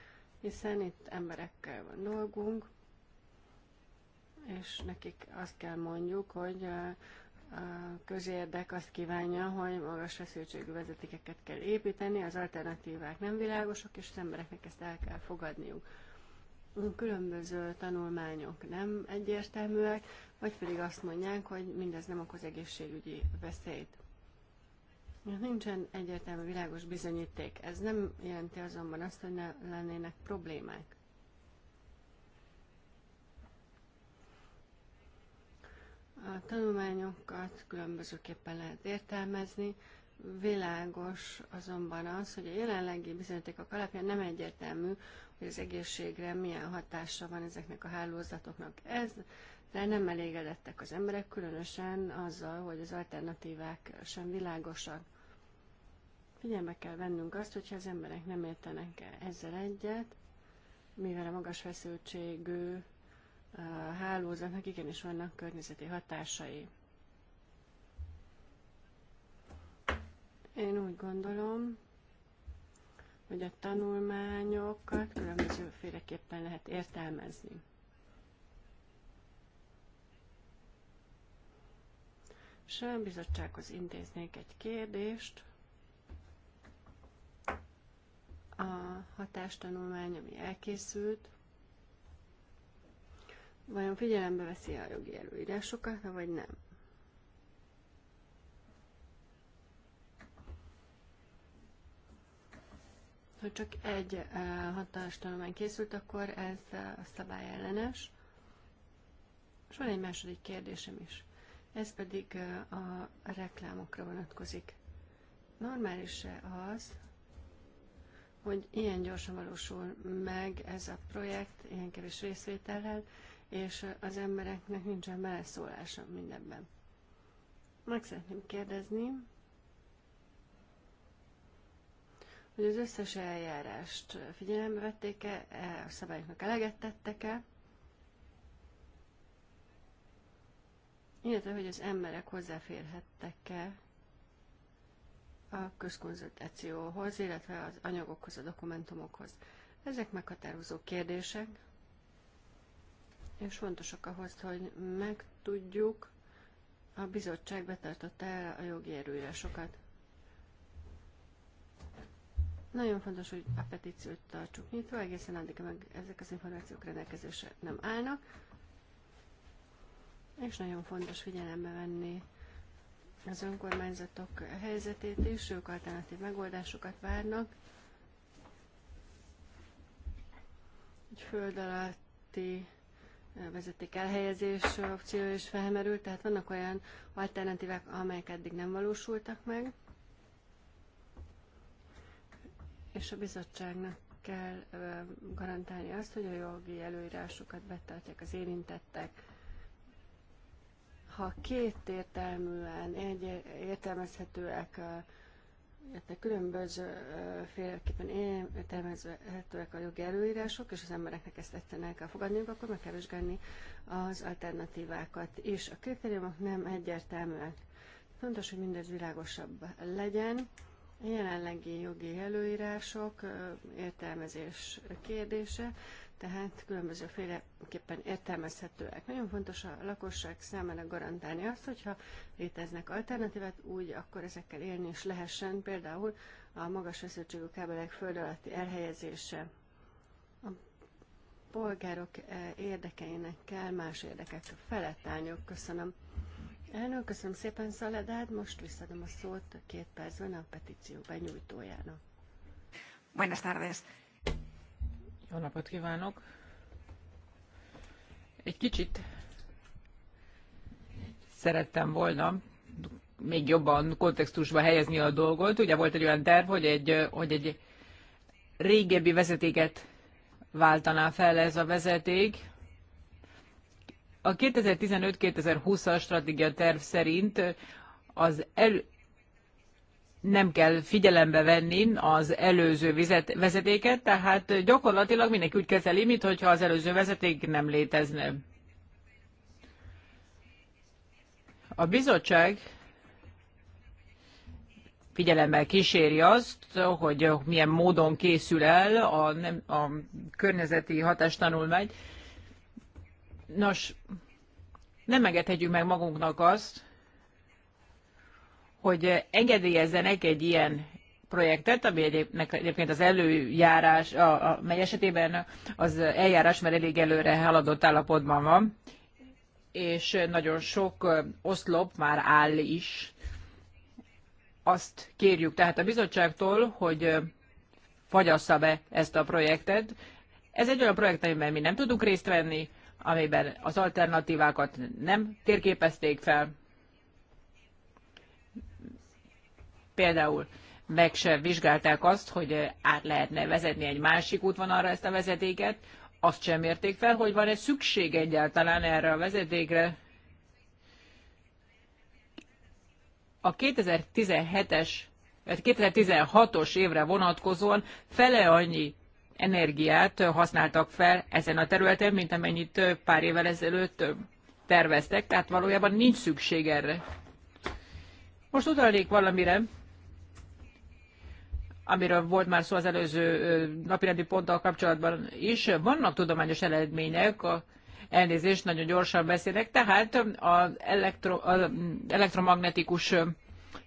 hiszen itt emberekkel van dolgunk, és nekik azt kell mondjuk, hogy a közérdek azt kívánja, hogy magas feszültségű vezetékeket kell építeni, az alternatívák nem világosak, és az embereknek ezt el kell fogadniuk különböző tanulmányok nem egyértelműek, vagy pedig azt mondják, hogy mindez nem okoz egészségügyi veszélyt. Nincsen egyértelmű világos bizonyíték. Ez nem jelenti azonban azt, hogy ne lennének problémák. A tanulmányokat különbözőképpen lehet értelmezni, Világos azonban az, hogy a jelenlegi bizonyítékok alapján nem egyértelmű, hogy az egészségre milyen hatása van ezeknek a hálózatoknak. Ez de nem elégedettek az emberek, különösen azzal, hogy az alternatívák sem világosak. Figyelme kell vennünk azt, hogyha az emberek nem értenek -e ezzel egyet, mivel a magas feszültségű hálózatnak igenis vannak környezeti hatásai. Én úgy gondolom, hogy a tanulmányokat különbözőféleképpen lehet értelmezni. És a bizottsághoz intéznék egy kérdést. A hatástanulmány, ami elkészült, vajon figyelembe veszi a jogi előírásokat, vagy nem? Ha csak egy eh, hatástanulmány készült, akkor ez a eh, szabály ellenes. És van egy második kérdésem is. Ez pedig eh, a reklámokra vonatkozik. Normális-e az, hogy ilyen gyorsan valósul meg ez a projekt, ilyen kevés részvétellel, és az embereknek nincsen beleszólása mindebben. Meg szeretném kérdezni, hogy az összes eljárást figyelembe vették-e, e, a szabályoknak eleget tettek-e, illetve hogy az emberek hozzáférhettek-e a közkonzultációhoz, illetve az anyagokhoz, a dokumentumokhoz. Ezek meghatározó kérdések, és fontosak ahhoz, hogy megtudjuk, a bizottság betartotta el a jogi erőírásokat. Nagyon fontos, hogy a petíciót tartsuk nyitva, egészen addig, meg ezek az információk rendelkezésre nem állnak. És nagyon fontos figyelembe venni az önkormányzatok helyzetét is, ők alternatív megoldásokat várnak. Egy föld alatti vezeték elhelyezés opció is felmerült, tehát vannak olyan alternatívák, amelyek eddig nem valósultak meg. és a bizottságnak kell garantálni azt, hogy a jogi előírásokat betartják az érintettek. Ha két értelműen egy, értelmezhetőek, illetve különböző féleképpen értelmezhetőek a jogi előírások, és az embereknek ezt egyszerűen el kell fogadniuk, akkor meg kell vizsgálni az alternatívákat. És a kritériumok nem egyértelműek. Fontos, hogy mindez világosabb legyen a jelenlegi jogi előírások értelmezés kérdése, tehát különbözőféleképpen értelmezhetőek. Nagyon fontos a lakosság számára garantálni azt, hogyha léteznek alternatívát, úgy akkor ezekkel élni is lehessen, például a magas feszültségű kábelek föld alatti elhelyezése. A polgárok érdekeinek kell más érdekek felett állniuk. Köszönöm. Elnök, köszönöm szépen, Szaladád. Most visszadom a szót a két percben a petíció benyújtójának. Buenas tardes. Jó napot kívánok. Egy kicsit szerettem volna még jobban kontextusba helyezni a dolgot. Ugye volt egy olyan terv, hogy egy, hogy egy régebbi vezetéket váltaná fel ez a vezeték, a 2015-2020-as stratégia terv szerint az el, nem kell figyelembe venni az előző vizet, vezetéket, tehát gyakorlatilag mindenki úgy kezeli, mintha az előző vezeték nem létezne. A bizottság figyelemmel kíséri azt, hogy milyen módon készül el a, nem, a környezeti hatástanulmány, Nos, nem engedhetjük meg magunknak azt, hogy engedélyezzenek egy ilyen projektet, ami egyébként az előjárás, a, a, mely esetében az eljárás már elég előre haladott állapotban van, és nagyon sok oszlop már áll is. Azt kérjük tehát a bizottságtól, hogy fagyassza be ezt a projektet. Ez egy olyan projekt, amiben mi nem tudunk részt venni, amiben az alternatívákat nem térképezték fel. Például meg se vizsgálták azt, hogy át lehetne vezetni egy másik útvonalra ezt a vezetéket, azt sem érték fel, hogy van-e szükség egyáltalán erre a vezetékre. A 2017-es, 2016-os évre vonatkozóan fele annyi energiát használtak fel ezen a területen, mint amennyit pár évvel ezelőtt terveztek, tehát valójában nincs szükség erre. Most utalnék valamire, amiről volt már szó az előző napirendi ponttal kapcsolatban is. Vannak tudományos eredmények, a elnézést, nagyon gyorsan beszélek, tehát az, elektro, elektromagnetikus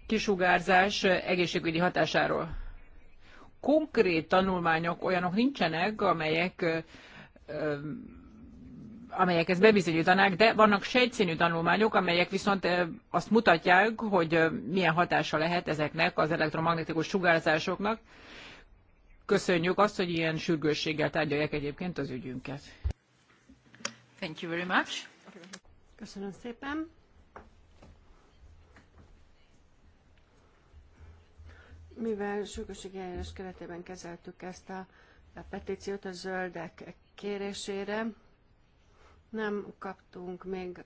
kisugárzás egészségügyi hatásáról konkrét tanulmányok olyanok nincsenek, amelyek amelyek ezt bebizonyítanák, de vannak sejtszínű tanulmányok, amelyek viszont azt mutatják, hogy milyen hatása lehet ezeknek az elektromagnetikus sugárzásoknak. Köszönjük azt, hogy ilyen sürgősséggel tárgyalják egyébként az ügyünket. Thank you very much. Köszönöm szépen. Mivel sürgősségi eljárás keretében kezeltük ezt a, a petíciót a zöldek kérésére, nem kaptunk még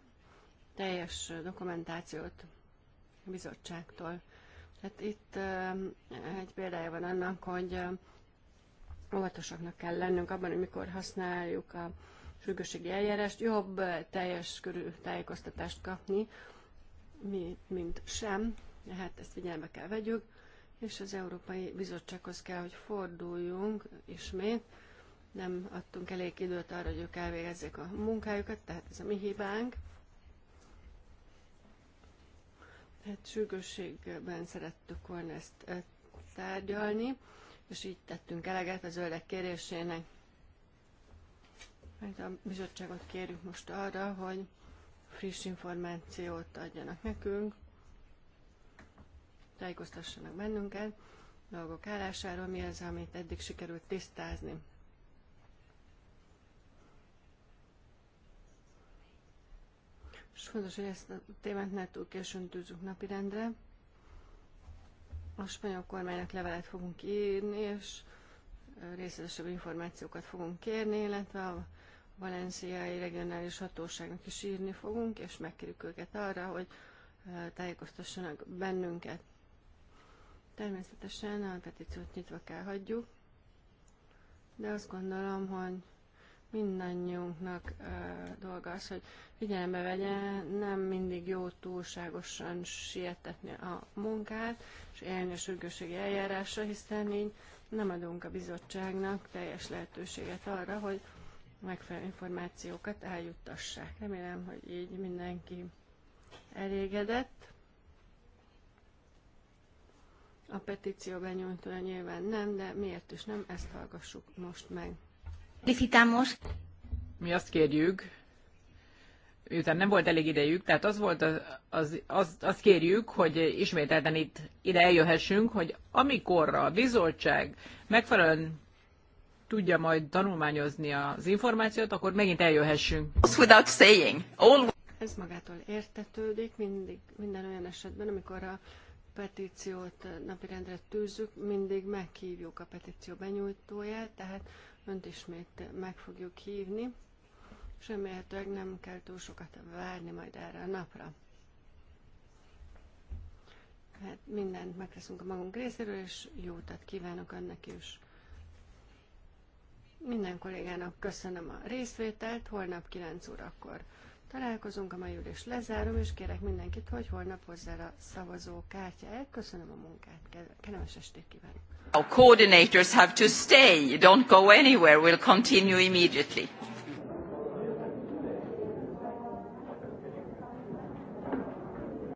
teljes dokumentációt a bizottságtól. Tehát itt egy példája van annak, hogy óvatosaknak kell lennünk abban, hogy mikor használjuk a sürgősségi eljárást, jobb teljes körű tájékoztatást kapni, mint sem, tehát ezt figyelembe kell vegyük és az Európai Bizottsághoz kell, hogy forduljunk ismét. Nem adtunk elég időt arra, hogy ők elvégezzék a munkájukat, tehát ez a mi hibánk. Tehát sürgősségben szerettük volna ezt e, tárgyalni, és így tettünk eleget az zöldek kérésének. Mert a bizottságot kérjük most arra, hogy friss információt adjanak nekünk, tájékoztassanak bennünket dolgok állásáról, mi az, amit eddig sikerült tisztázni. És fontos, hogy ezt a témát ne túl későn tűzzük napirendre. A spanyol kormánynak levelet fogunk írni, és részletesebb információkat fogunk kérni, illetve a valenciai regionális hatóságnak is írni fogunk, és megkérjük őket arra, hogy tájékoztassanak bennünket. Természetesen a petíciót nyitva kell hagyjuk, de azt gondolom, hogy mindannyiunknak ö, dolga az, hogy figyelembe vegye, nem mindig jó túlságosan sietetni a munkát, és élni a sürgőségi eljárásra, hiszen így nem adunk a bizottságnak teljes lehetőséget arra, hogy megfelelő információkat eljuttassák. Remélem, hogy így mindenki elégedett. A petíció benyújtója nyilván nem, de miért is nem, ezt hallgassuk most meg. Licitamos. Mi azt kérjük, miután nem volt elég idejük, tehát az volt az, az, az, azt kérjük, hogy ismételten itt ide eljöhessünk, hogy amikorra a bizottság megfelelően tudja majd tanulmányozni az információt, akkor megint eljöhessünk. Without saying. All... Ez magától értetődik mindig, minden olyan esetben, amikor a petíciót eh, napirendre tűzzük, mindig meghívjuk a petíció benyújtóját, tehát önt ismét meg fogjuk hívni, és remélhetőleg nem kell túl sokat várni majd erre a napra. Hát mindent megteszünk a magunk részéről, és jó utat kívánok önnek is. Minden kollégának köszönöm a részvételt, holnap 9 órakor találkozunk, a mai ülés lezárom, és kérek mindenkit, hogy holnap hozzá a szavazó kártyáját. Köszönöm a munkát, kellemes estét kívánok! Our coordinators have to stay, don't go anywhere, we'll continue immediately.